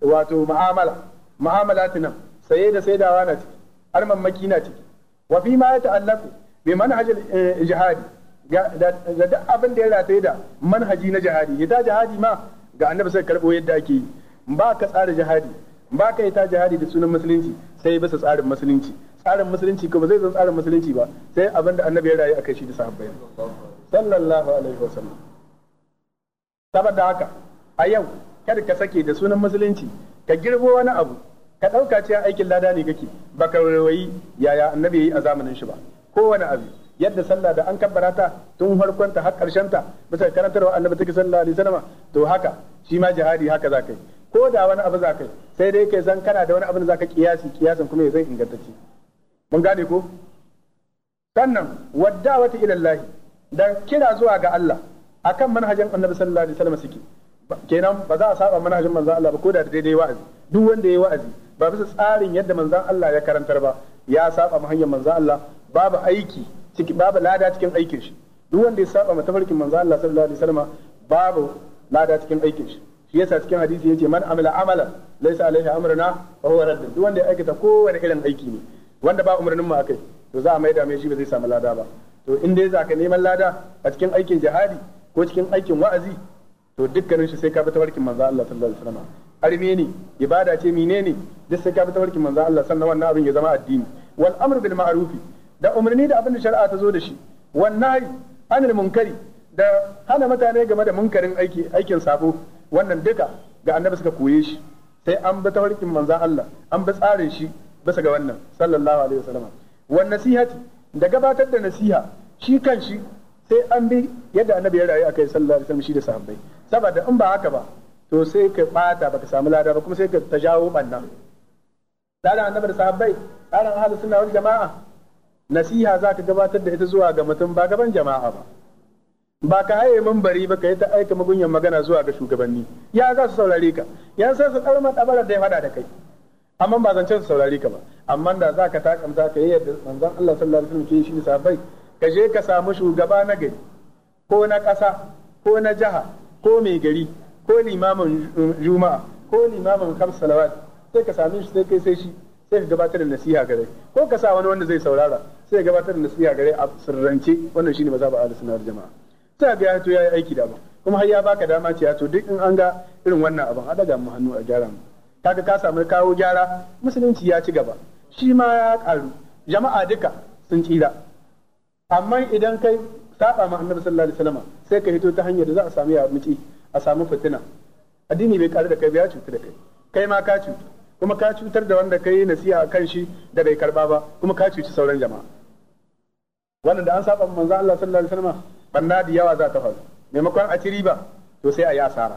wato mu'amala mu'amalati nan saye da saidawa na ciki armammaki na ciki wa fi ma ya ta'allaku bi al eh, jihadi da duk abin da ya rataye da manhaji na jihadi ita jihadi ma ga annabi sai karbo yadda ake yi ba ka tsara jihadi ba ka yi ta jihadi da sunan musulunci sai bisa tsarin musulunci tsarin musulunci kuma ba zai zan tsarin musulunci ba sai abin da annabi ya rayu a kai shi da sahabbai sallallahu alaihi wasallam saboda haka a yau kada ka sake da sunan musulunci ka girbo wani abu ka ɗauka cewa aikin lada ne kake baka rawayi yaya annabi yayi a zamanin shi ba kowane abu yadda sallah da an kabbara ta tun farkon ta har karshen ta bisa karantarwa annabi take sallallahu alaihi wasallam to haka shi ma jihadi haka za kai ko da wani abu za kai sai dai kai san kana da wani abu da zaka kiyasi kiyasin kuma ya zai ingantacce mun gane ko sannan wadda wata ilallahi da kira zuwa ga Allah akan manhajin Annabi sallallahu alaihi wasallam suke kenan ba za a saba manhajin manzon Allah ba ko da daidai wa'azi duk wanda yayi wa'azi ba bisa tsarin yadda manzon Allah ya karantar ba ya saba hanyar manzon Allah babu aiki ciki babu lada cikin aikin shi duk wanda ya saba matafarkin manzon Allah sallallahu alaihi wasallam babu lada cikin aikin shi shi yasa cikin hadisi yace man amila amala laysa alaihi amruna fa huwa radd duk wanda ya aikata kowane irin aiki ne wanda ba umarnin mu akai to za a maida mai shi ba zai samu lada ba to in dai za ka neman lada a cikin aikin jihadi ko cikin aikin wa'azi to dukkanin shi sai ka bi tabarkin manzo Allah sallallahu alaihi wasallam arme ne ibada ce mine ne duk sai ka bi tabarkin manzo Allah sallallahu wannan abin ya zama addini wal amru bil ma'ruf da umarni da abin da shari'a ta zo da shi wan nahi anil munkari da hana mutane game da munkarin aiki aikin sabo wannan duka ga annabi suka koye shi sai an bi tabarkin manzo Allah an bi tsarin shi bisa ga wannan sallallahu alaihi wasallam wan nasihati da gabatar da nasiha shi kan shi sai an bi yadda annabi ya rayu a kai sallallahu alaihi wasallam shi da sahabbai saboda in ba haka ba to sai ka bata baka samu lada ba kuma sai ka ta jawo banna tsarin annabi da sahabbai tsarin ahlus sunna wal jama'a nasiha za ka gabatar da ita zuwa ga mutum ba gaban jama'a ba ba ka haye mambari ba ka yi ta aika magunyan magana zuwa ga shugabanni ya za su saurare ka yan sai su ɗaura da ya faɗa da kai amma ba zance su saurari ka ba amma da za ka takamta ka yi yadda manzon Allah sallallahu alaihi wasallam ke shi sabai ka je ka samu shugaba na gari ko na ƙasa ko na jiha ko mai gari ko limamin juma'a ko limamin kam salawat sai ka same shi sai kai sai shi sai ka gabatar da nasiha gare ko ka sa wani wanda zai saurara sai ka gabatar da nasiha gare a sirrance wannan shine za ba ahlus sunnar jama'a sai ga ya to yayi aiki da ba kuma har ya baka dama ce ya to duk in an ga irin wannan abin a daga mu hannu a gyara mu kaga ka samu kawo gyara musulunci ya ci gaba shi ma ya karu jama'a duka sun tsira amma idan kai saba ma annabi sallallahu alaihi wasallam sai ka hito ta hanyar da za a samu ya miki a samu fitina addini bai karu da kai ba ya cutu da kai kai ma ka cutu kuma ka cutar da wanda kai nasiha kan shi da bai karba ba kuma ka cuci sauran jama'a wannan da an saba manzo Allah sallallahu alaihi wasallam banda da yawa za ta faru maimakon a ci riba to sai a yi asara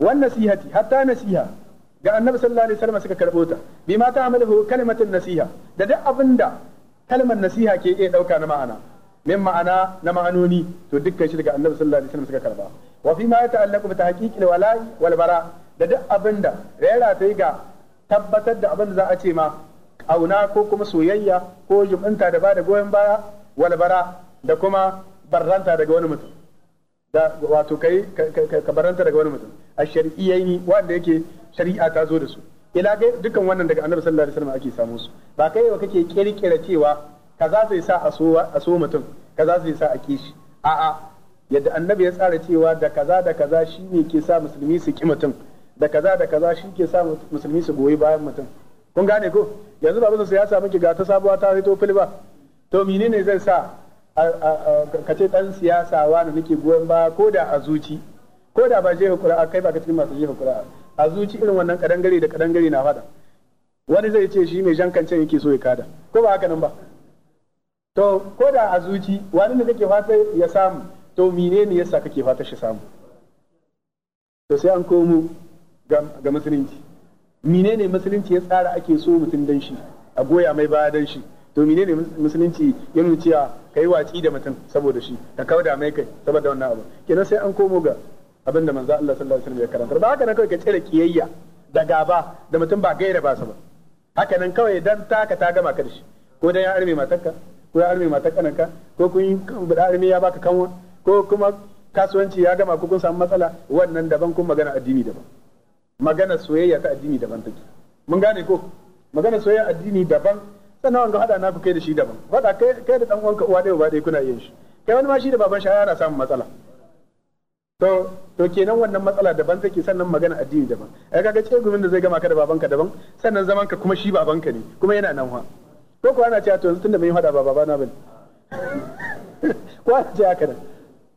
wan nasihati hatta nasiha ga annabi sallallahu alaihi wasallam suka karbo ta bima ta amalahu kalmatun nasiha da duk abinda kalmar nasiha ke iya dauka na ma'ana min ma'ana na ma'anoni to dukkan shi daga annabi sallallahu alaihi wasallam suka karba wa fi ma ta'allaqu bi tahqiqil wala'i wal bara da duk abinda rera ta ga tabbatar da abinda da za a ce ma auna ko kuma soyayya ko jum'inta da ba da goyon baya wal bara da kuma barranta daga wani mutum da wato kai ka barranta daga wani mutum a shariyyaini wanda yake shari'a ta zo da su ila ga dukan wannan daga annabi sallallahu alaihi wasallam ake samu su ba kai wa kake kirkira cewa kaza zai sa a so mutum kaza zai sa a kishi a'a yadda annabi ya tsara cewa da kaza da kaza shine ke sa musulmi su ki mutum da kaza da kaza shi ke sa musulmi su goyi bayan mutum kun gane ko yanzu ba sai ya samu ki ga ta sabuwa ta rito fil ba to menene zai sa ka ce dan siyasa wani nake goyon ba ko da a zuci ko da ba jefa qur'a kai ba ka cikin masu jefa qur'a a zuci irin wannan kadangare da kadangare na fada wani zai ce shi mai jankancen yake so ya kada ko ba haka nan ba to ko da a zuci wani ne kake fata ya samu to mine ne yasa kake fata shi samu to sai an komo ga musulunci mine ne musulunci ya tsara ake so mutum dan shi a goya mai baya dan shi to mine ne musulunci ya nuna cewa kai watsi da mutum saboda shi ka kauda mai kai saboda wannan abu kenan sai an komo ga abinda manzo Allah sallallahu alaihi wasallam ya karanta ba haka nan kawai ka cire kiyayya da gaba da mutum ba gaira ba sa ba haka nan kawai dan taka ta gama ka da shi ko dan ya arme matarka ko ya arme nan ka ko kun yi arme ya baka kanwa ko kuma kasuwanci ya gama ko kun samu matsala wannan daban kun magana addini daban magana soyayya ta addini daban take mun gane ko magana soyayya addini daban sannan wanga hada na ku kai da shi daban fada kai da dan uwanka uwa ɗaya uba dai kuna yin shi kai wani ma shi da baban shi yana samun matsala to to kenan wannan matsala daban take sannan magana addini daban ai kaga ce gumin da zai gama ka da babanka daban sannan zaman ka kuma shi babanka ne kuma yana nan fa ko ko ana cewa to yanzu tunda mun yi hada ba babana bane ko ana ce haka nan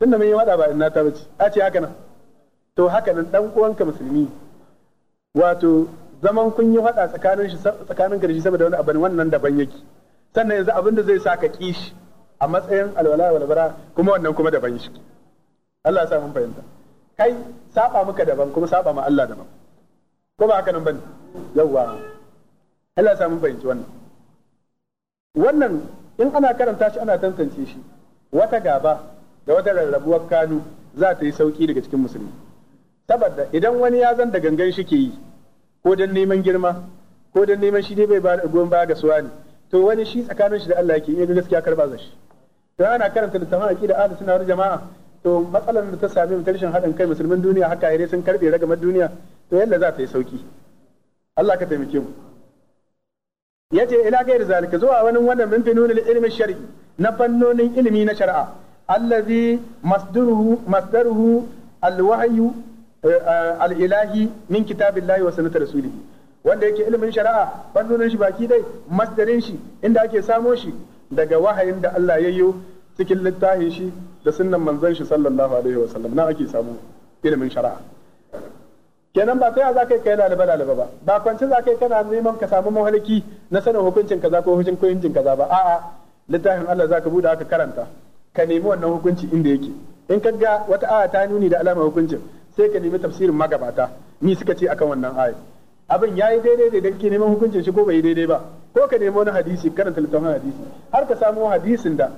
tunda mun yi hada ba ina ta bace a ce haka nan to haka nan dan uwanka musulmi wato zaman kun yi hada tsakanin shi tsakanin shi saboda wani abin wannan daban yake sannan yanzu abin da zai sa ka kishi a matsayin alwala wal bara kuma wannan kuma daban shi Allah ya sa mun fahimta kai saba muka daban kuma saba ma Allah daban ko ba haka nan bane yawa Allah ya sa mun fahimci wannan wannan in ana karanta shi ana tantance shi wata gaba da wata rarrabuwar kanu za ta yi sauki daga cikin musulmi saboda idan wani ya zan da gangan shi ke yi ko dan neman girma ko dan neman shi dai bai ba goyon baya ga suwa ne to wani shi tsakanin shi da Allah yake iya gaskiya karba zai shi to ana karanta littafin aqida ahlus sunna wal jama'a to matsalar da ta sami mu tarshen haɗin kai musulmin duniya haka yare sun karɓe ragamar duniya to yadda za ta yi sauki Allah ka taimake mu Ya ce ina ila gairi zalika zuwa wani wannan min nuna ilimin shar'i na fannonin ilimi na shari'a allazi masdaruhu masdaruhu alwahyu eh, eh, alilahi ilahi min kitabillahi wa sunnati rasulih wanda yake ilimin shari'a fannonin shi baki dai masdarin shi inda ake samo shi daga wahayin da Allah ya yo cikin littafin shi da sunnan manzon shi sallallahu alaihi wasallam nan ake samu ilimin shari'a kenan ba sai za kai kai lalaba lalaba ba ba kwance za kai kana neman ka samu mahalaki na sanin hukuncin kaza ko hukuncin kaza ba a'a littafin Allah za ka bude aka karanta ka nemi wannan hukunci inda yake in ka ga wata aya ta nuni da alamar hukuncin sai ka nemi tafsirin magabata ni suka ce akan wannan aya abin yayi daidai da ke neman hukuncin shi ko bai daidai ba ko ka nemi wani hadisi karanta littafin hadisi har ka samu hadisin da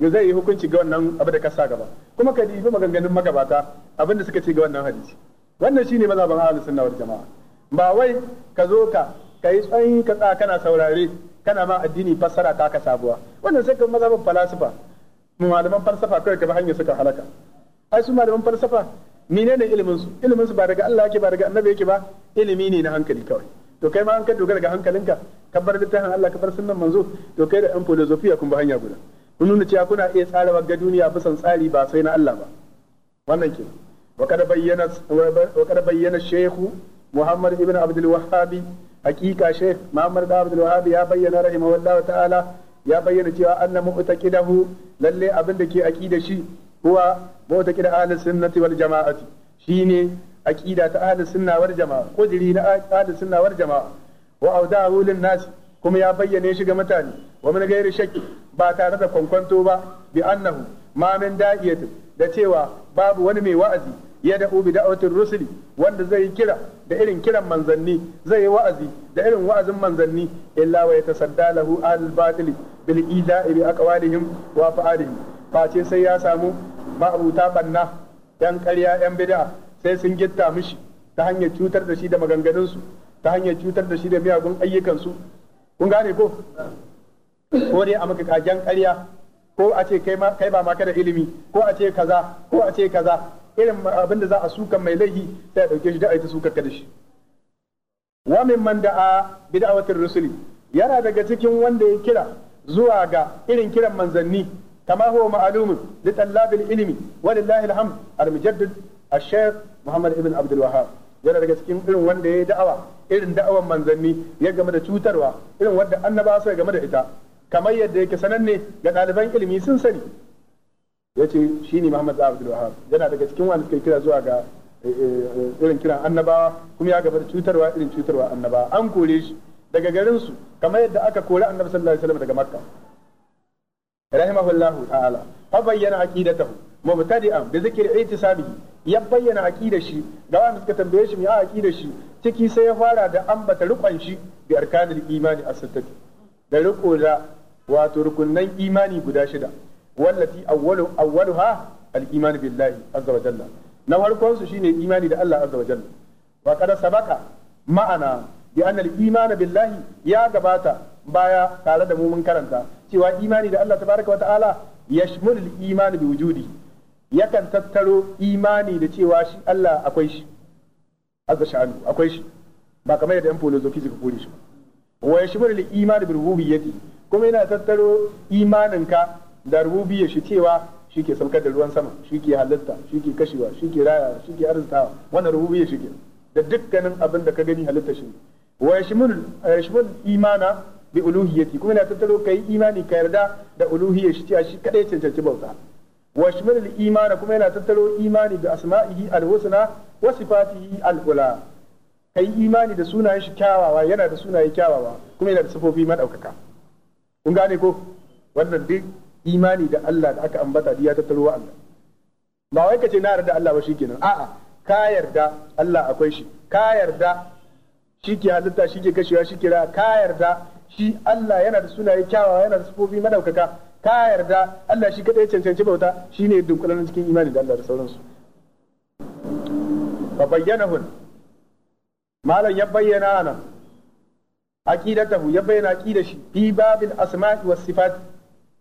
ga zai yi hukunci ga wannan abu da kasa gaba kuma ka dibi maganganun magabata abinda suka ce ga wannan hadisi wannan shine mazhaban ahlus sunna wal jamaa ba wai ka zo ka kai tsayi ka tsaya kana saurare kana ma addini fassara ta ka sabuwa wannan sai ka mazhaban mu malaman falsafa kai ka bi hanyar suka halaka ai su malaman falsafa menene ilimin su ilimin su ba daga Allah yake ba daga annabi yake ba ilimi ne na hankali kawai to kai ma an ka dogara ga hankalinka ka bar littafin Allah ka bar sunnan manzo to kai da an filosofiya kun ba hanya guda kun nuna cewa kuna iya tsara wagga duniya bisan tsari ba sai na Allah ba wannan ke wa kada bayyana shehu Muhammad ibn Abdul Wahhab hakika Sheikh Muhammad ibn Abdul Wahhab ya bayyana rahimahullahu ta'ala ya bayyana cewa anna mu'taqidahu lalle abin da ke aqida shi huwa mu'taqid ahlus sunnati wal jama'ati shine aqida ta ahlus sunna wal jama'a kudiri na ahlus sunna wal jama'a wa awdahu lin nas kuma ya bayyane shi ga mutane wa min ghairi shakki ba tare da kwankwanto ba bi annahu ma min da'iyatin da cewa babu wani mai wa'azi ya da'u bi rusli wanda zai yi kira da irin kiran manzanni zai yi wa'azi da irin wa'azin manzanni illa wa yatasadda lahu al batil bil ida'i bi aqwalihim wa fa'alihim face sai ya samu ma'abuta banna yan karya yan bida'a sai sun gitta mishi ta hanyar cutar da shi da maganganunsu ta hanyar cutar da shi da miyagun ayyukansu kun gane ko ko dai a maka kagen ƙarya ko a ce kai ba maka da ilimi ko a ce kaza ko a ce kaza irin abin da za a suka mai laifi sai a ɗauke shi da a yi ta suka kada shi wa man da'a bid'awatir rusuli yana daga cikin wanda ya kira zuwa ga irin kiran manzanni kama huwa ma'lumun li talabil ilmi walillahi alhamd al-mujaddid al-shaykh Muhammad ibn Abdul Wahhab yana daga cikin irin wanda ya da'awa irin da'awan manzanni ya game da cutarwa irin wanda annaba sai game da ita kamar yadda yake sananne ga ɗaliban ilimi sun sani Ya ce shi ne Muhammad Abdul Wahab yana daga cikin wanda suka kira zuwa ga eh, eh, irin kiran annabawa kuma ya gaba cutarwa irin cutarwa annabawa an kore shi daga garin su kamar yadda aka kore annabi sallallahu alaihi wasallam daga makka rahimahullahu ta'ala fa bayyana aqidatahu mubtadi'an bi zikri i'tisabi ya bayyana aqidar shi ga wanda suka tambaye shi me aqidar shi ciki sai ya fara da ambata rukun shi bi arkanul imani as-sittati da riko da wato rukunnan imani guda shida wallati awwalu awwaluha al-iman billahi azza wa jalla na farkon su shine imani da Allah azza wa jalla wa qad sabaka ma'ana bi anna al-iman billahi ya gabata baya tare da mu mun karanta cewa imani da Allah tabaraka wa ta'ala yashmul al-iman bi wujudi yakan tattaro imani da cewa shi Allah akwai shi azza sha'anu akwai shi ba kamar yadda yan philosophy suka kore shi ba wa yashmul al-iman bi rububiyyati kuma yana tattaro imaninka da rububiyar shi cewa shi ke saukar da ruwan sama shi ke halitta shi ke kashewa shi ke raya shi ke arzitawa wannan rububiyar shi ke da dukkanin abin da ka gani halitta shi wa yashmul yashmul imana bi uluhiyyati kuma yana tattaro kai imani ka yarda da uluhiyyar shi cewa shi kadai cancanci bauta wa yashmul imana kuma yana tattaro imani bi asma'ihi alhusna wa sifatihi alula kai imani da sunayen shi kyawawa yana da sunaye kyawawa kuma yana da sifofi madaukaka kun gane ko wannan duk imani da Allah da aka ambata ya tattaro wa Allah ba wai kace na yarda Allah ba shikenan a'a ka yarda Allah akwai shi ka yarda shi ke halitta shi ke kashewa shi ke ka yarda shi Allah yana da sunaye kyawawa yana da sufofi madaukaka ka yarda Allah shi kadai cancanci bauta shine dunkulan cikin imani da Allah da sauransu fa bayyanahu malam ya bayyana nan aqidatahu ya bayyana aqidar shi fi babil asma'i was sifat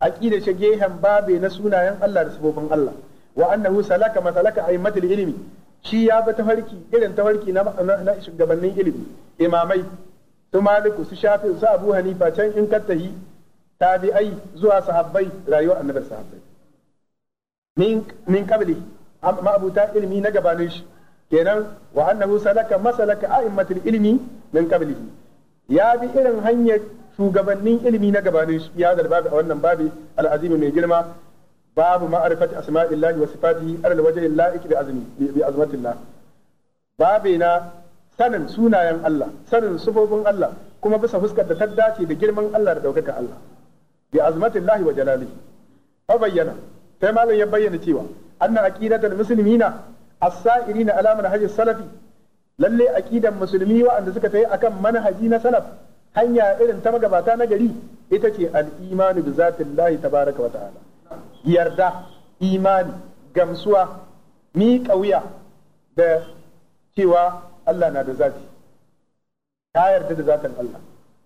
aqidar shi gehen babe na sunayen Allah da sifofin Allah wa annahu salaka masalaka aimatul ilmi shi ya bi irin tafarki na na shugabannin ilimi imamai su maliku su shafi su abu hanifa can in kattahi tabi'ai zuwa sahabbai rayuwar annabi sahabbai min min qabli ma'abuta na gabanin shi kenan wa annahu salaka masalaka a'immatul ilmi min qablihi ya bi irin hanyar shugabannin ilimi na gabanin shi ya babu a wannan babi al'azim mai girma babu ma'arifati asma'illahi wa sifatihi alal wajhi la'iki bi azmi bi azmatillah babe na sanin sunayen Allah sanin sifofin Allah kuma bisa fuskar da ta dace da girman Allah da daukaka Allah bi azmatillahi wa jalalihi fa bayyana sai malam ya bayyana cewa anna aqidatul muslimina as-sa'irina ala manhajis salafi lalle aqidan musulmi wa'anda suka tayi akan manhaji na salaf hanya irin ta magabata na gari ita ce al-imanu bi zatillahi tabaraka wa ta'ala yarda imani gamsuwa mi kauya da cewa Allah na da zati ta yarda da zatin Allah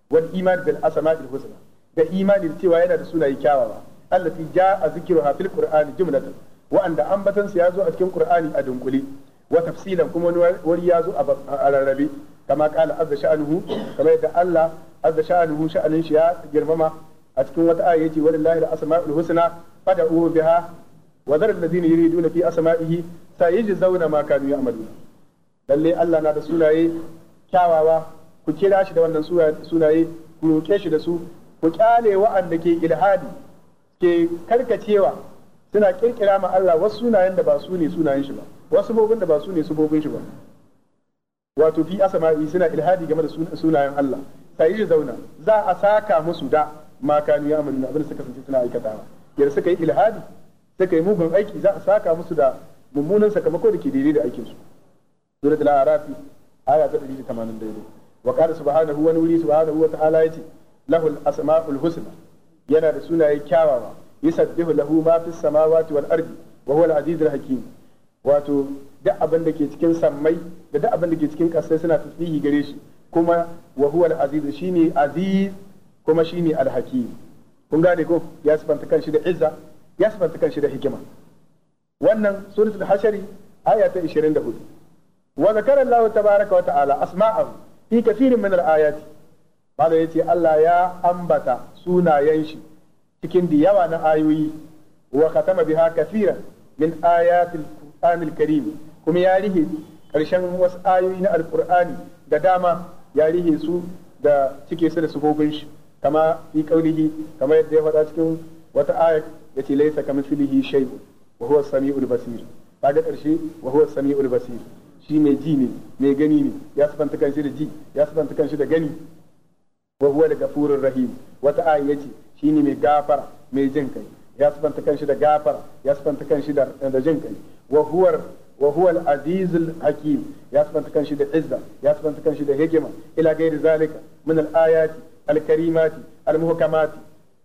wal iman bil asma'il husna da imanin cewa yana da sunaye kyawawa allati ja'a zikruha fil qur'ani jumlatan wa'anda ambatan su zo a cikin qur'ani a dunkule wa tafsilan kuma wani ya zo a rarrabe kama kala azza sha'anuhu kamar yadda Allah azza sha'anuhu sha'anin shi ya girmama a cikin wata aya yace walillahi al-asma'ul husna fad'uhu biha wa dhar alladhina yuriduna fi asma'ihi sayajzauna ma kanu ya'malun Lallai Allah na da sunaye kyawawa ku kira shi da wannan sunaye ku roke shi da su ku kyale wa'anda ke ilhadi ke karkacewa suna kirkira ma Allah wasu sunayen da ba su ne sunayen shi ba wasu sufofin da ba su ne sufofin shi ba wato fi asama'i suna ilhadi game da sunayen Allah sai da zauna za a saka musu da ma kanu ya amanu abin suka sanci suna aikatawa yar suka yi ilhadi suka yi mugun aiki za a saka musu da mummunan sakamako da ke daidai da aikinsu. su suratul a'raf aya ta 180 daidai wa qala subhanahu wa nuri subhanahu wa ta'ala yace lahul asma'ul husna yana da sunaye kyawawa yusabbihu lahu ma fis samawati wal ardi wa huwa al azizul hakim wato duk abin da ke cikin sammai da duk abin da ke cikin ƙasai suna tasbihi gare shi kuma wa huwa al-aziz shine aziz kuma shine al-hakim kun gane ko ya sifanta kanshi da izza ya sifanta kanshi da hikima wannan suratul hashari aya ta 24 wa zakara Allah tabaaraka wa ta'ala asma'ahu fi kathirin min al-ayati bada yace Allah ya ambata sunayen shi cikin da yawa na ayoyi wa khatama biha kathiran min ayatil amil karim kuma ya rihe ƙarshen wasu ayoyi na alkur'ani da dama ya rihe su da cike su da sufofin shi kama fi kama yadda ya faɗa cikin wata ayat ya ce laisa ka mislihi shay'u wa huwa samiul basir kaga ƙarshe wa huwa samiul basir shi mai ji ne mai gani ne ya sifanta kanshi da ji ya sifanta kanshi da gani wa huwa da rahim wata ayat yace shine mai gafara mai jin kai ya kanshi da gafara ya kanshi da jin kai wa huwa wa hakim ya sifanta kanshi da izza ya sifanta kanshi da hikima ila gairi zalika min al-ayati al-karimati al-muhkamati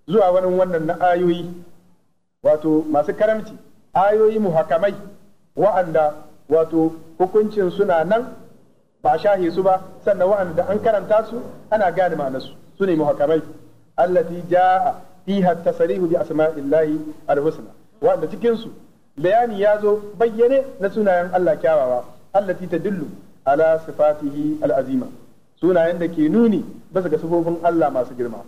zuwa wani wannan na ayoyi wato masu karamci ayoyi muhakamai wa'anda wato hukuncin suna nan ba shahe su ba sannan wa'anda an karanta su ana gane ma'anasu su ne muhakamai allati ja'a fiha tasarihu bi asma'illahi al-husna wa'anda bayani ya zo bayyane na sunayen Allah kyawawa Allah ta tadullu ala sifatihi al'azima sunayen da ke nuni bisa ga sifofin Allah masu girma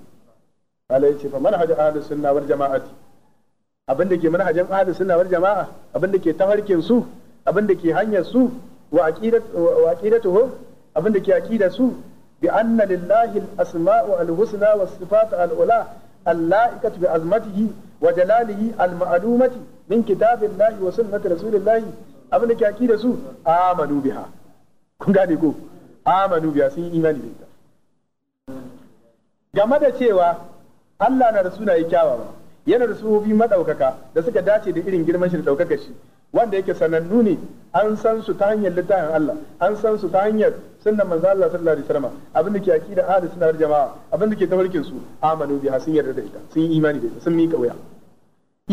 Allah ya ce fa manhaj ahlus sunna wal jama'ati abin da ke manhajin ahlus sunna wal jama'a abin da ke tafarkin su abin da ke hanyar su wa aqidatuhu abin da ke aqidar su bi anna lillahi al-asma'u al-husna was sifatu al-ula allaikatu bi azmatihi wa jalalihi al-ma'lumati min kitabillahi wa sunnati rasulillahi abin da da su amanu biha kun gane ko amanu biha sun yi imani ita game da cewa Allah na da sunaye kyawawa yana da sufofi maɗaukaka da suka dace da irin girman shi da daukakar shi wanda yake sanannu ne an san su ta hanyar littafin Allah an san su ta hanyar sunnan manzo Allah sallallahu alaihi wasallam abin da ke aqida ahli sunna wal jamaa abin da ke tafarkin su amanu biha sun yarda da ita sun yi imani da ita sun mika wuya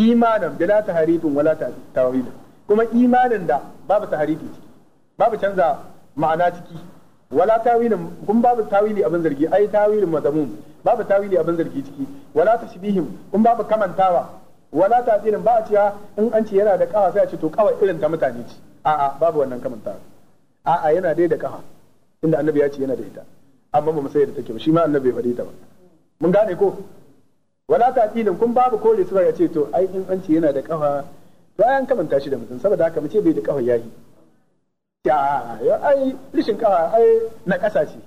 imanan bila taharifin wala tawhid kuma imanin da babu taharifi ciki babu canza ma'ana ciki wala tawilin kun babu tawili abin zargi ai tawilin mazamum babu tawili abin zargi ciki wala tashbihim kun babu kamantawa wala tsirin ba a cewa in an ce yana da kawa sai a ce to kawa irin ta mutane ce a'a babu wannan kamanta a'a yana dai da kawa inda annabi ya ce yana da ita amma ba mu sai da take ba shi ma annabi bai faɗi ta ba mun gane ko wala tsirin kun babu kore su ya ce to ai in an ce yana da kawa to ai an kamanta shi da mutum saboda haka mace bai da kawa yayi ya ai rishin kawa ai na kasa ce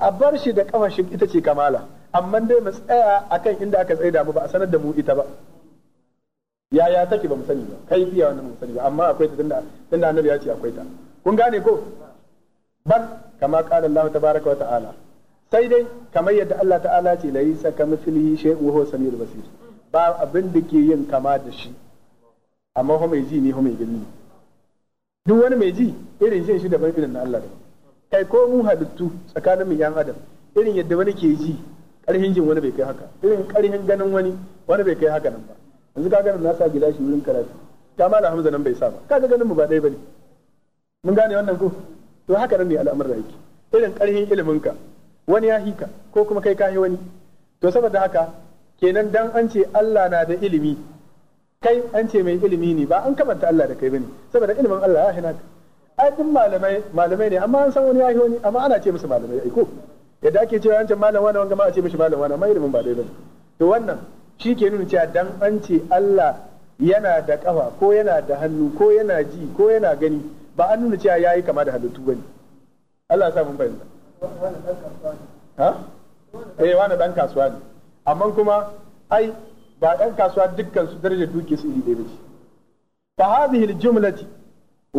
a bar shi da kawa shi ita ce kamala amma dai mu tsaya akan inda aka tsaida mu ba a sanar da mu ita ba yaya take ba mu sani ba fiya wannan mu sani ba amma akwai ta tunda tunda annabi ya ce akwai ta kun gane ko ban kama qala Allah tabaaraka wa ta'ala sai dai kamar yadda Allah ta'ala ce laisa kamithlihi shay'un wa huwa samiul basir ba abin da ke yin kama da shi amma ho mai ji ne ho mai gani duk wani mai ji irin jin shi da irin na Allah da kai ko mu halittu tsakanin mu yan adam irin yadda wani ke ji karhin jin wani bai kai haka irin karhin ganin wani wani bai kai haka nan ba yanzu ka ganin na sa shi wurin karatu ta mala hamza nan bai sa ba kaga ganin mu ba ɗaya bane mun gane wannan ko to haka nan ne al'amuran yake irin karhin ilimin ka wani ya hika ko kuma kai yi wani to saboda haka kenan dan an ce Allah na da ilimi kai an ce mai ilimi ne ba an kamanta Allah da kai bane saboda ilimin Allah ya hina ka ai malamai malamai ne amma an san wani ya wani amma ana ce musu malamai ai ko yadda ake cewa yancin malam wani wanga ma a ce mishi malam wani amma ilimin ba dai bane to wannan shi ke nuna cewa dan an ce Allah yana da kafa ko yana da hannu ko yana ji ko yana gani ba an nuna cewa yayi kama da halittu bane Allah ya sa mun fahimta ha eh wani dan kasuwa ne amma kuma ai ba dan kasuwa dukkan su darajar duke su iri ɗaya bace fa hadhihi al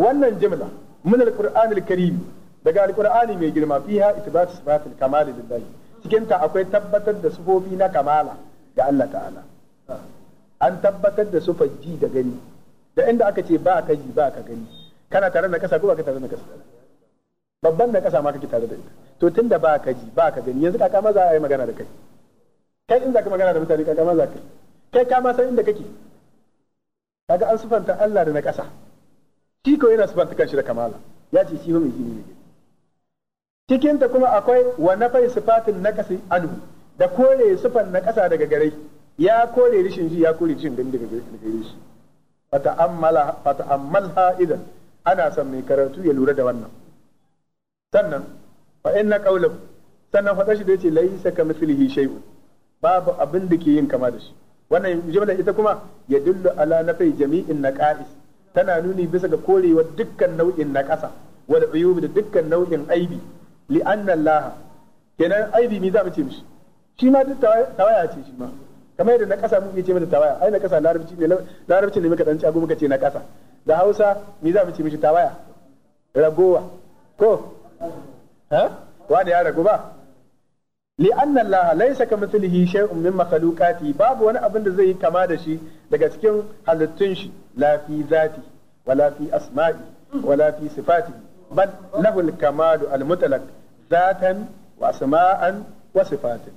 wannan jumla min al karim daga alqur'ani mai girma fiha ithbatu sifatil kamali lillahi cikin ta akwai tabbatar da sufofi na kamala ga Allah ta'ala an tabbatar da sufar ji da gani da inda aka ce ba ka ji ba ka gani kana tare da kasa ko ba ka tare da kasa babban da kasa ma kake tare da ita to tunda ba ka ji ba ka gani yanzu kaka maza a yi magana da kai kai in ka magana da mutane kaka maza kai kai ka ma san inda kake kaga an sufanta Allah da na kasa shi ko yana sufanta kanshi da kamala ya ce shi mai gini ne cikinta kuma akwai wa na fai sifatin nakasi anu da kore sifan na kasa daga gare ya kore rishin ji ya kore rishin din daga gare shi fata'ammala fata'ammalha idan ana son mai karatu ya lura da wannan sannan fa inna qawluhu sannan faɗa shi da yace laysa kamithlihi shay'un babu abin da ke yin kama da shi wannan jumla ita kuma ya dullu ala fai jami'in naqais tana nuni bisa ga korewa dukkan nau'in naqasa wal uyub da dukkan nau'in aibi li annan laha kenan aibi mi za mu ce mishi shi ma duk tawaya ce shi ma kamar yadda na kasa mu ce mata tawaya ai na kasa larabci ne larabci ne muka dan ci muka ce na kasa da Hausa mi za mu ce mishi tawaya ragowa ko ha wani ya ragu ba li anna allaha laysa kamithlihi shay'un min makhluqati babu wani abin da zai yi kama da shi daga cikin halittun shi la fi zati wala fi asma'i wala fi sifatihi bal lahu al-kamalu al-mutlaq zatan wa sama'an wa sifatin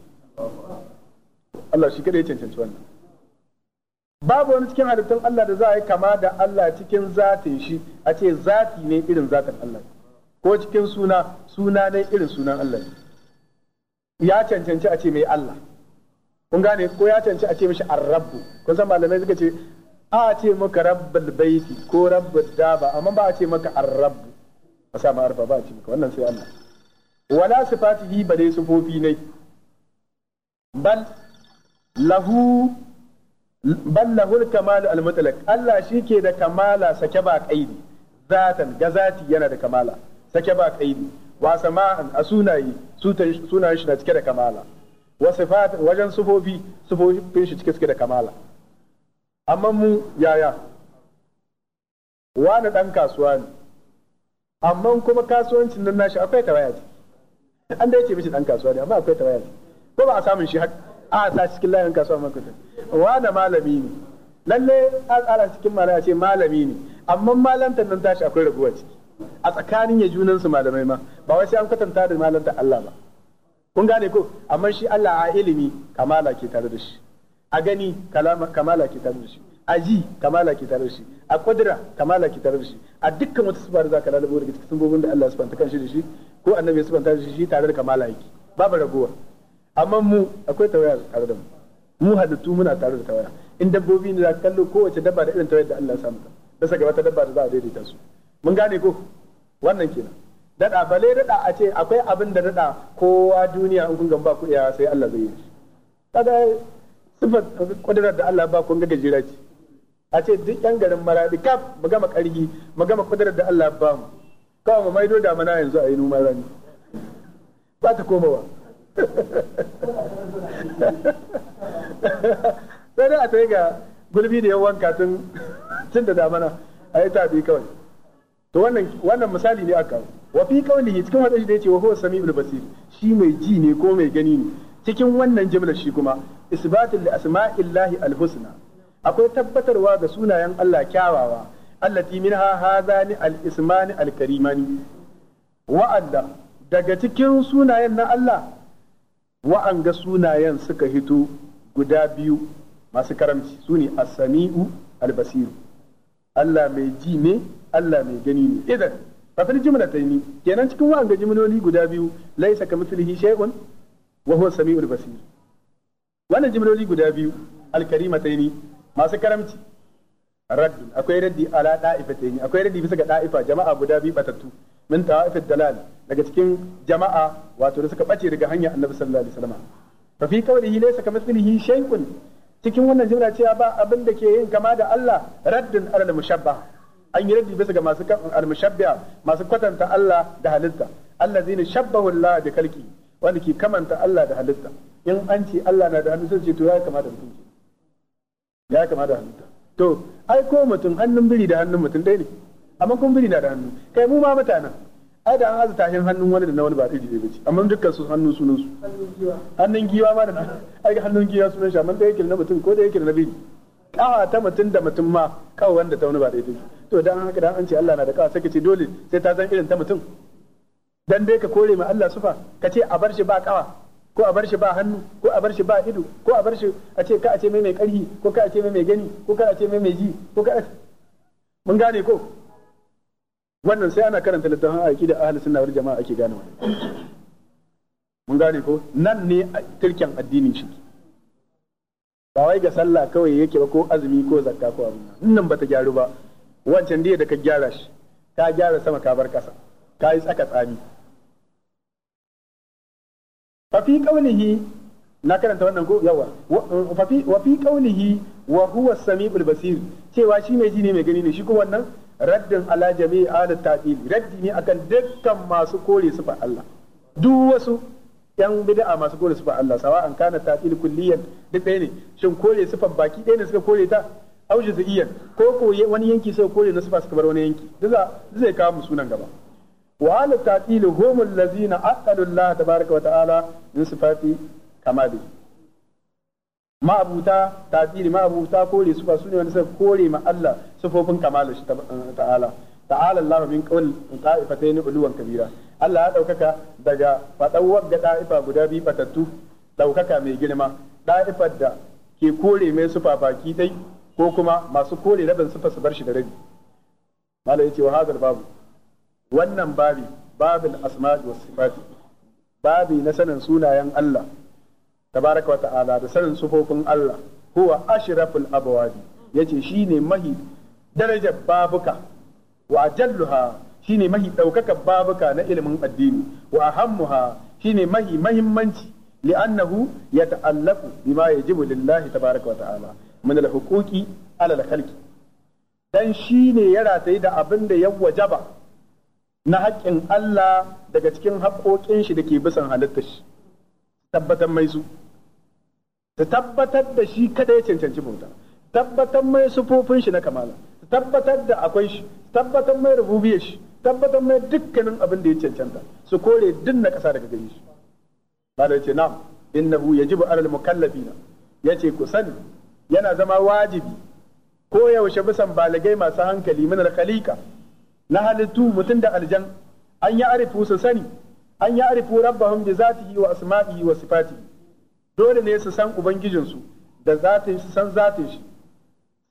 babu wani cikin halittun Allah da za a yi kama da Allah cikin zatin shi a ce zati ne irin zatin Allah ko cikin suna suna ne irin sunan Allah ya cancanci a ce mai Allah kun gane ko ya cancanci a ce mishi arrabu kun san malamai suka ce a ce maka Rabbal baiti ko Rabbal daba amma ba a ce maka arrabu a sa arfa ba a ci maka wannan sai Allah wala sifatihi dai sufofi ne bal lahu bal lahul kamal al mutlaq Allah shike da kamala sake ba kaidi zatan gazati yana da kamala sake ba kaidi wa sama'an a sunaye sunayen shi na cike da kamala wa sifat wajen sifofi sufofin shi cike da kamala amma mu yaya wani dan kasuwa ne amma kuma kasuwancin nan nashi akwai tawaya ce an da yake mishi dan kasuwa ne amma akwai tawaya ce ko ba a samun shi har a sa cikin layin kasuwa man wa da malami ne lalle an tsara cikin malaya ce malami ne amma malantar nan tashi akwai raguwa ciki a tsakanin ya junan su malamai ma ba wai sai an kwatanta da malantar Allah ba kun gane ko amma shi Allah a ilimi kamala ke tare da shi a gani kamala ke tare da shi a yi kamala ke tare da shi a kudura kamala ke tare da shi a dukkan wata sifar da zaka lalabo daga cikin sifofin da Allah subhanahu kan shi da shi ko annabi subhanahu ta'ala shi tare da kamala yake babu ragowa amma mu akwai tawaya tare da mu mu halittu muna tare da tawaya in dabbobi ne za ka kallo kowace dabba da irin tawayar da Allah ya samu ta bisa ga wata dabba da za a daidaita su mun gane ko wannan kenan dada bale dada a ce akwai abin da dada kowa duniya in kun gamba ku iya sai Allah zai yi kaga sifar kudurar da Allah ba kun ga gajira ce a ce duk yan garin maradi kaf mu gama ƙarfi mu gama kudurar da Allah ba mu kawai mu maido da mana yanzu a yi noman rani ba ta komawa sai dai a tsaye ga gulbi da yawan katun tun da damana a yi tabi kawai to wannan misali ne aka wa fi ne cikin hadisi da yace wa huwa samiul basir shi mai ji ne ko mai gani ne cikin wannan jimlar shi kuma isbatul asma'illahi alhusna akwai tabbatarwa ga sunayen Allah kyawawa allati minha hadani al-ismani al-karimani wa'anda daga cikin sunayen na Allah wa'anga sunayen suka hito guda biyu masu karamci su ne as-sami'u al-basiru Allah mai ji ne Allah mai gani ne idan fafil jumlataini kenan cikin wa'anga jimloli guda biyu laisa kamithlihi shay'un wa huwa as al basir wannan jimloli guda biyu al-karimataini masu karamci raddun akwai raddi ala da'ifatayn akwai raddi bisa ga da'ifa jama'a guda biyu batattu min ta'ifat dalal daga cikin jama'a wato da suka bace daga hanya annabi sallallahu alaihi wasallam fa fi qawlihi laysa kamithlihi shay'un cikin wannan jumla cewa ba abin da ke yin kama da Allah raddun alal mushabba an yi raddi bisa ga masu al mushabbiha masu kwatanta Allah da halitta allazina shabbahu Allah da kalki wanda ke kamanta Allah da halitta in an ce Allah na da hannu sai ce to ya kama da mutum ya kama da halitta to ai ko mutum hannun biri da hannun mutum ɗaya ne amma kun biri na da hannu kai mu ma mutanen ai da an aza tashin hannun wani da na wani ba iri ba bace amma dukkan su hannun sunan su hannun giwa ma da ai hannun giwa sunan shi amma da yake na mutum ko da yake na biri kawa ta mutum da mutum ma kawai wanda ta wani ba daidai to dan haka dan an ce Allah na da kawa sai ka ce dole sai ta san irin ta mutum dan dai ka kore ma Allah sufa ka ce a bar shi ba kawa ko a bar shi ba hannu ko a bar shi ba ido ko a bar shi a ce ka a ce mai mai karhi ko ka a ce mai mai gani ko ka a ce mai mai ji ko ka mun gane ko wannan sai ana karanta littafin aqida ahlus sunna wal jama'a ake gane wannan mun gane ko nan ne turken addinin shi ba wai ga sallah kawai yake ba ko azumi ko zakka ko abin nan bata gyaru ba wancan da ka gyara shi ka gyara sama ka bar kasa ka yi tsaka tsami fa fi na karanta wannan ko yawa eh, wa huwa samiul cewa shi mai ji ne mai gani ne shi ko wannan raddin alajami jami'i ala raddi ne akan dukkan masu kore su Allah duk wasu yan bid'a masu kore sifar Allah sawa an kana ta'til kulliyan duk ɗaya ne shin kore sifar baki ɗaya ne suka kore ta au juz'iyyan ko ko wani yanki suka kore na sifa suka bar wani yanki duk zai kawo mu sunan gaba wa ala ta'til hum allazina aqalu Allah tabaaraka wa ta'ala min sifati kamali ma'abuta ta'til ma'abuta kore su su ne wani sai kore ma Allah sifofin kamalu shi eh, ta'ala ta'ala Allah min qawl ta'ifatayn uluwan kabira Allah ya daukaka daga fadawar da da'ifa guda biyu batattu daukaka mai girma ɗa'ifar da ke kore mai sufa baki dai ko kuma masu kore rabin sufa su bar shi da rabi malai yace wa hadal babu wannan babi babin asma'i was sifati babi na sanin sunayen Allah tabaraka wa ta'ala da sanin sufofin Allah huwa ashraful abwabi yace shine mahi darajar babuka wa jalluha shine mahi daukakan babuka na ilimin addini wa ahammuha shine mahi mahimmanci li'annahu yata'allaqu bima yajibu lillahi tabaraka wa ta'ala min al-huquqi ala al-khalqi dan shine ya rataye da abin da ya wajaba na haƙƙin Allah daga cikin haƙoƙin shi da ke bisan halitta shi tabbatar mai su ta tabbatar da shi kada ya cancanci bauta tabbatar mai sufofin shi na kamala tabbatar da akwai shi tabbatar mai rububiyar shi tabbatar mai dukkanin abin da ya cancanta su kore din na ƙasa daga gare shi ba ya ce, na'am innahu yajibu alal Ya ce ku sani yana zama wajibi ko yaushe bisan balagai masu hankali min al na halittu mutum da aljan an ya arifu su sani an ya arifu rabbahum bi zatihi wa asma'ihi wa sifatihi dole ne su san ubangijinsu da zatin su san zatin shi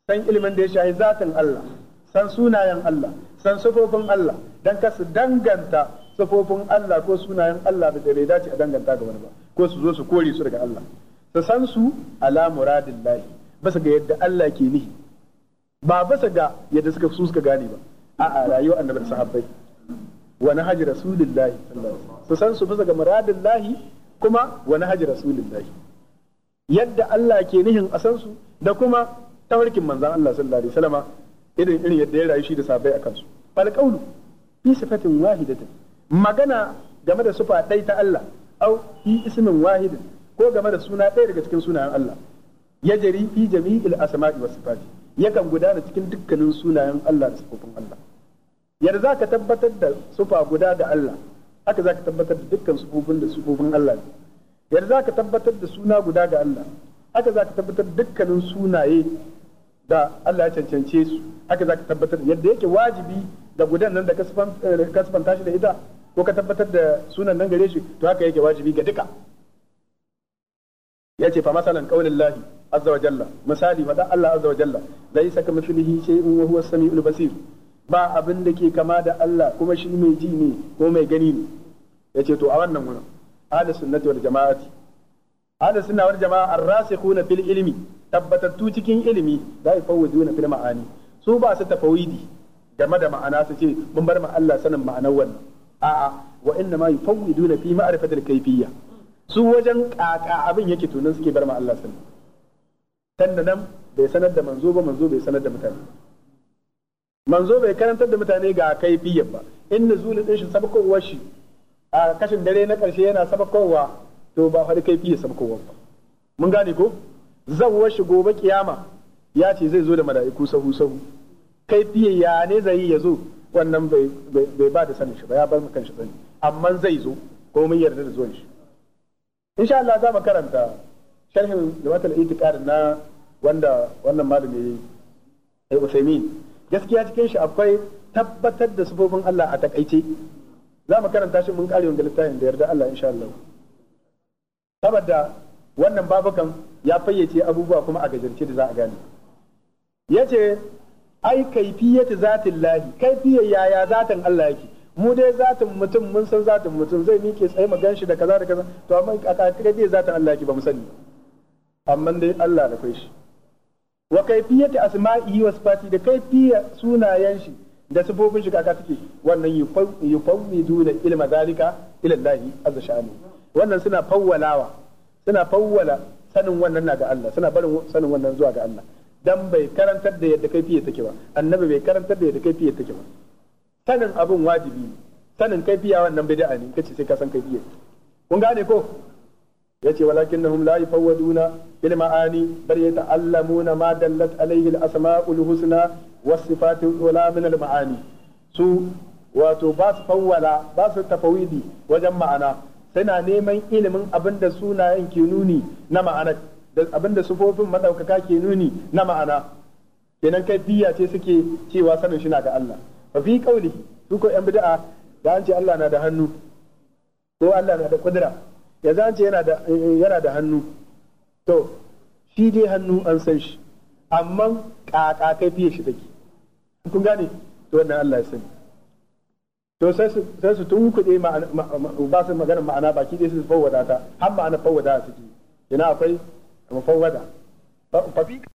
san ilimin da ya shahi zatin Allah san sunayen Allah san sufofin Allah dan ka su danganta sufofin Allah ko sunayen Allah da bai dace a danganta ga wani ba ko su zo su kore su daga Allah su san su ala muradillahi basa ga yadda Allah ke nihi ba basa ga yadda suka su suka gane ba a'a rayuwa annabi da sahabbai wa nahji rasulillahi sallallahu su san su bisa ga muradin lahi kuma wa nahji rasulillahi yadda Allah ke nihin a san su da kuma tawarkin manzon Allah sallallahu alaihi wasallam irin irin yadda ya rayu shi da sahabbai akan su fal fi sifatin wahidatin magana game da sufa ɗai ta Allah au fi ismin wahidin ko game da suna ɗaya daga cikin sunayen Allah ya jari fi jami'il asma'i was sifati yakan gudana cikin dukkanin sunayen Allah da sifofin Allah yadda za ka tabbatar da sufa guda da Allah haka za ka tabbatar da dukkan sufofin da sufofin Allah ne yadda za ka tabbatar da suna guda ga Allah haka za ka tabbatar dukkanin sunaye da Allah ya cancance su haka za ka tabbatar yadda yake wajibi da gudan nan da ka eh, tashi da ita ko ka tabbatar da sunan nan gare shi to haka yake wajibi ga duka ya ce fa masalan qaulin lahi azza wa jalla misali fada Allah azza wa jalla laysa kamithlihi shay'un wa huwa as-sami'ul basir ba abin da ke kama da Allah kuma shi mai ji ne ko mai gani ne yace to a wannan wurin ahlus sunnati wal jama'ati ahlus sunna wal jama'a ar-rasikhuna fil ilmi tabbatattu cikin ilimi la yafawwiduna fil ma'ani su ba su tafawidi game da ma'ana su ce mun bar ma Allah sanin ma'anar wannan a'a wa inna ma yufawwiduna fi ma'rifatil kayfiyya su wajen kaka abin yake tunan suke bar ma Allah sanin tan da nan bai sanar da manzo ba manzo bai sanar da mutane manzo bai karantar da mutane ga kaifiyar ba in nuzulin din shi sabakowar shi a kashin dare na karshe yana sabakowa to ba har kaifiyar sabakowar ba mun gane ko zawwar shi gobe kiyama ya ce zai zo da mala'iku sahu sahu kaifiyar ya ne zai ya zo wannan bai ba da sanin shi ba ya bar mu kan shi sani amma zai zo komai yarda da zuwan shi insha Allah za mu karanta sharhin zawatul ƙarin na wanda wannan malami ya Usaimin gaskiya cikin shi akwai tabbatar da sufofin Allah a takaice za mu karanta shi mun kare wanda littafin da yarda Allah insha Allah saboda wannan babukan ya fayyace abubuwa kuma a gajarce da za a gane yace ai kaifiyatu zatin lahi kaifiyar yaya zatin Allah yake mu dai zatin mutum mun san zatin mutum zai mike tsaye mu ganshi da kaza da kaza to amma a kaifiyar zatin Allah yake ba mu sani ba amma dai Allah da kai shi wa kaifiyati asma'i wa sifati da kaifiya sunayen shi da sifofin shi kaka suke wannan yufawwiduna ilma zalika ila Allah azza sha'ani wannan suna fawwalawa suna fawwala sanin wannan na ga Allah suna barin sanin wannan zuwa ga Allah dan bai karantar da yadda kaifiyar take ba annabi bai karantar da yadda kaifiyar take ba sanin abun wajibi sanin kaifiya wannan bid'a ne kace sai ka san kaifiyar kun gane ko yace walakinnahum la yufawwaduna bil ma'ani bal na ma dallat alaihi al-asma'ul husna was sifatul ula min al ma'ani su wato ba su fawwala ba su tafawidi wajen ma'ana suna neman ilimin abinda sunayen ke nuni na ma'ana da abinda sufofin madaukaka ke nuni na ma'ana kenan kai biya ce suke cewa sanin shi na ga Allah fa fi qaulihi su ko yan bid'a da an ce Allah na da hannu ko Allah na da kudura yanzu an ce yana da hannu to shi dai hannu an san shi amma ƙaƙa kai fiye shi take kun gane to wannan Allah ya sani to sai su tun kuɗe ba su magana ma'ana baki dai su fawwada ta har ma'ana fawwada suke yana akwai mafawwada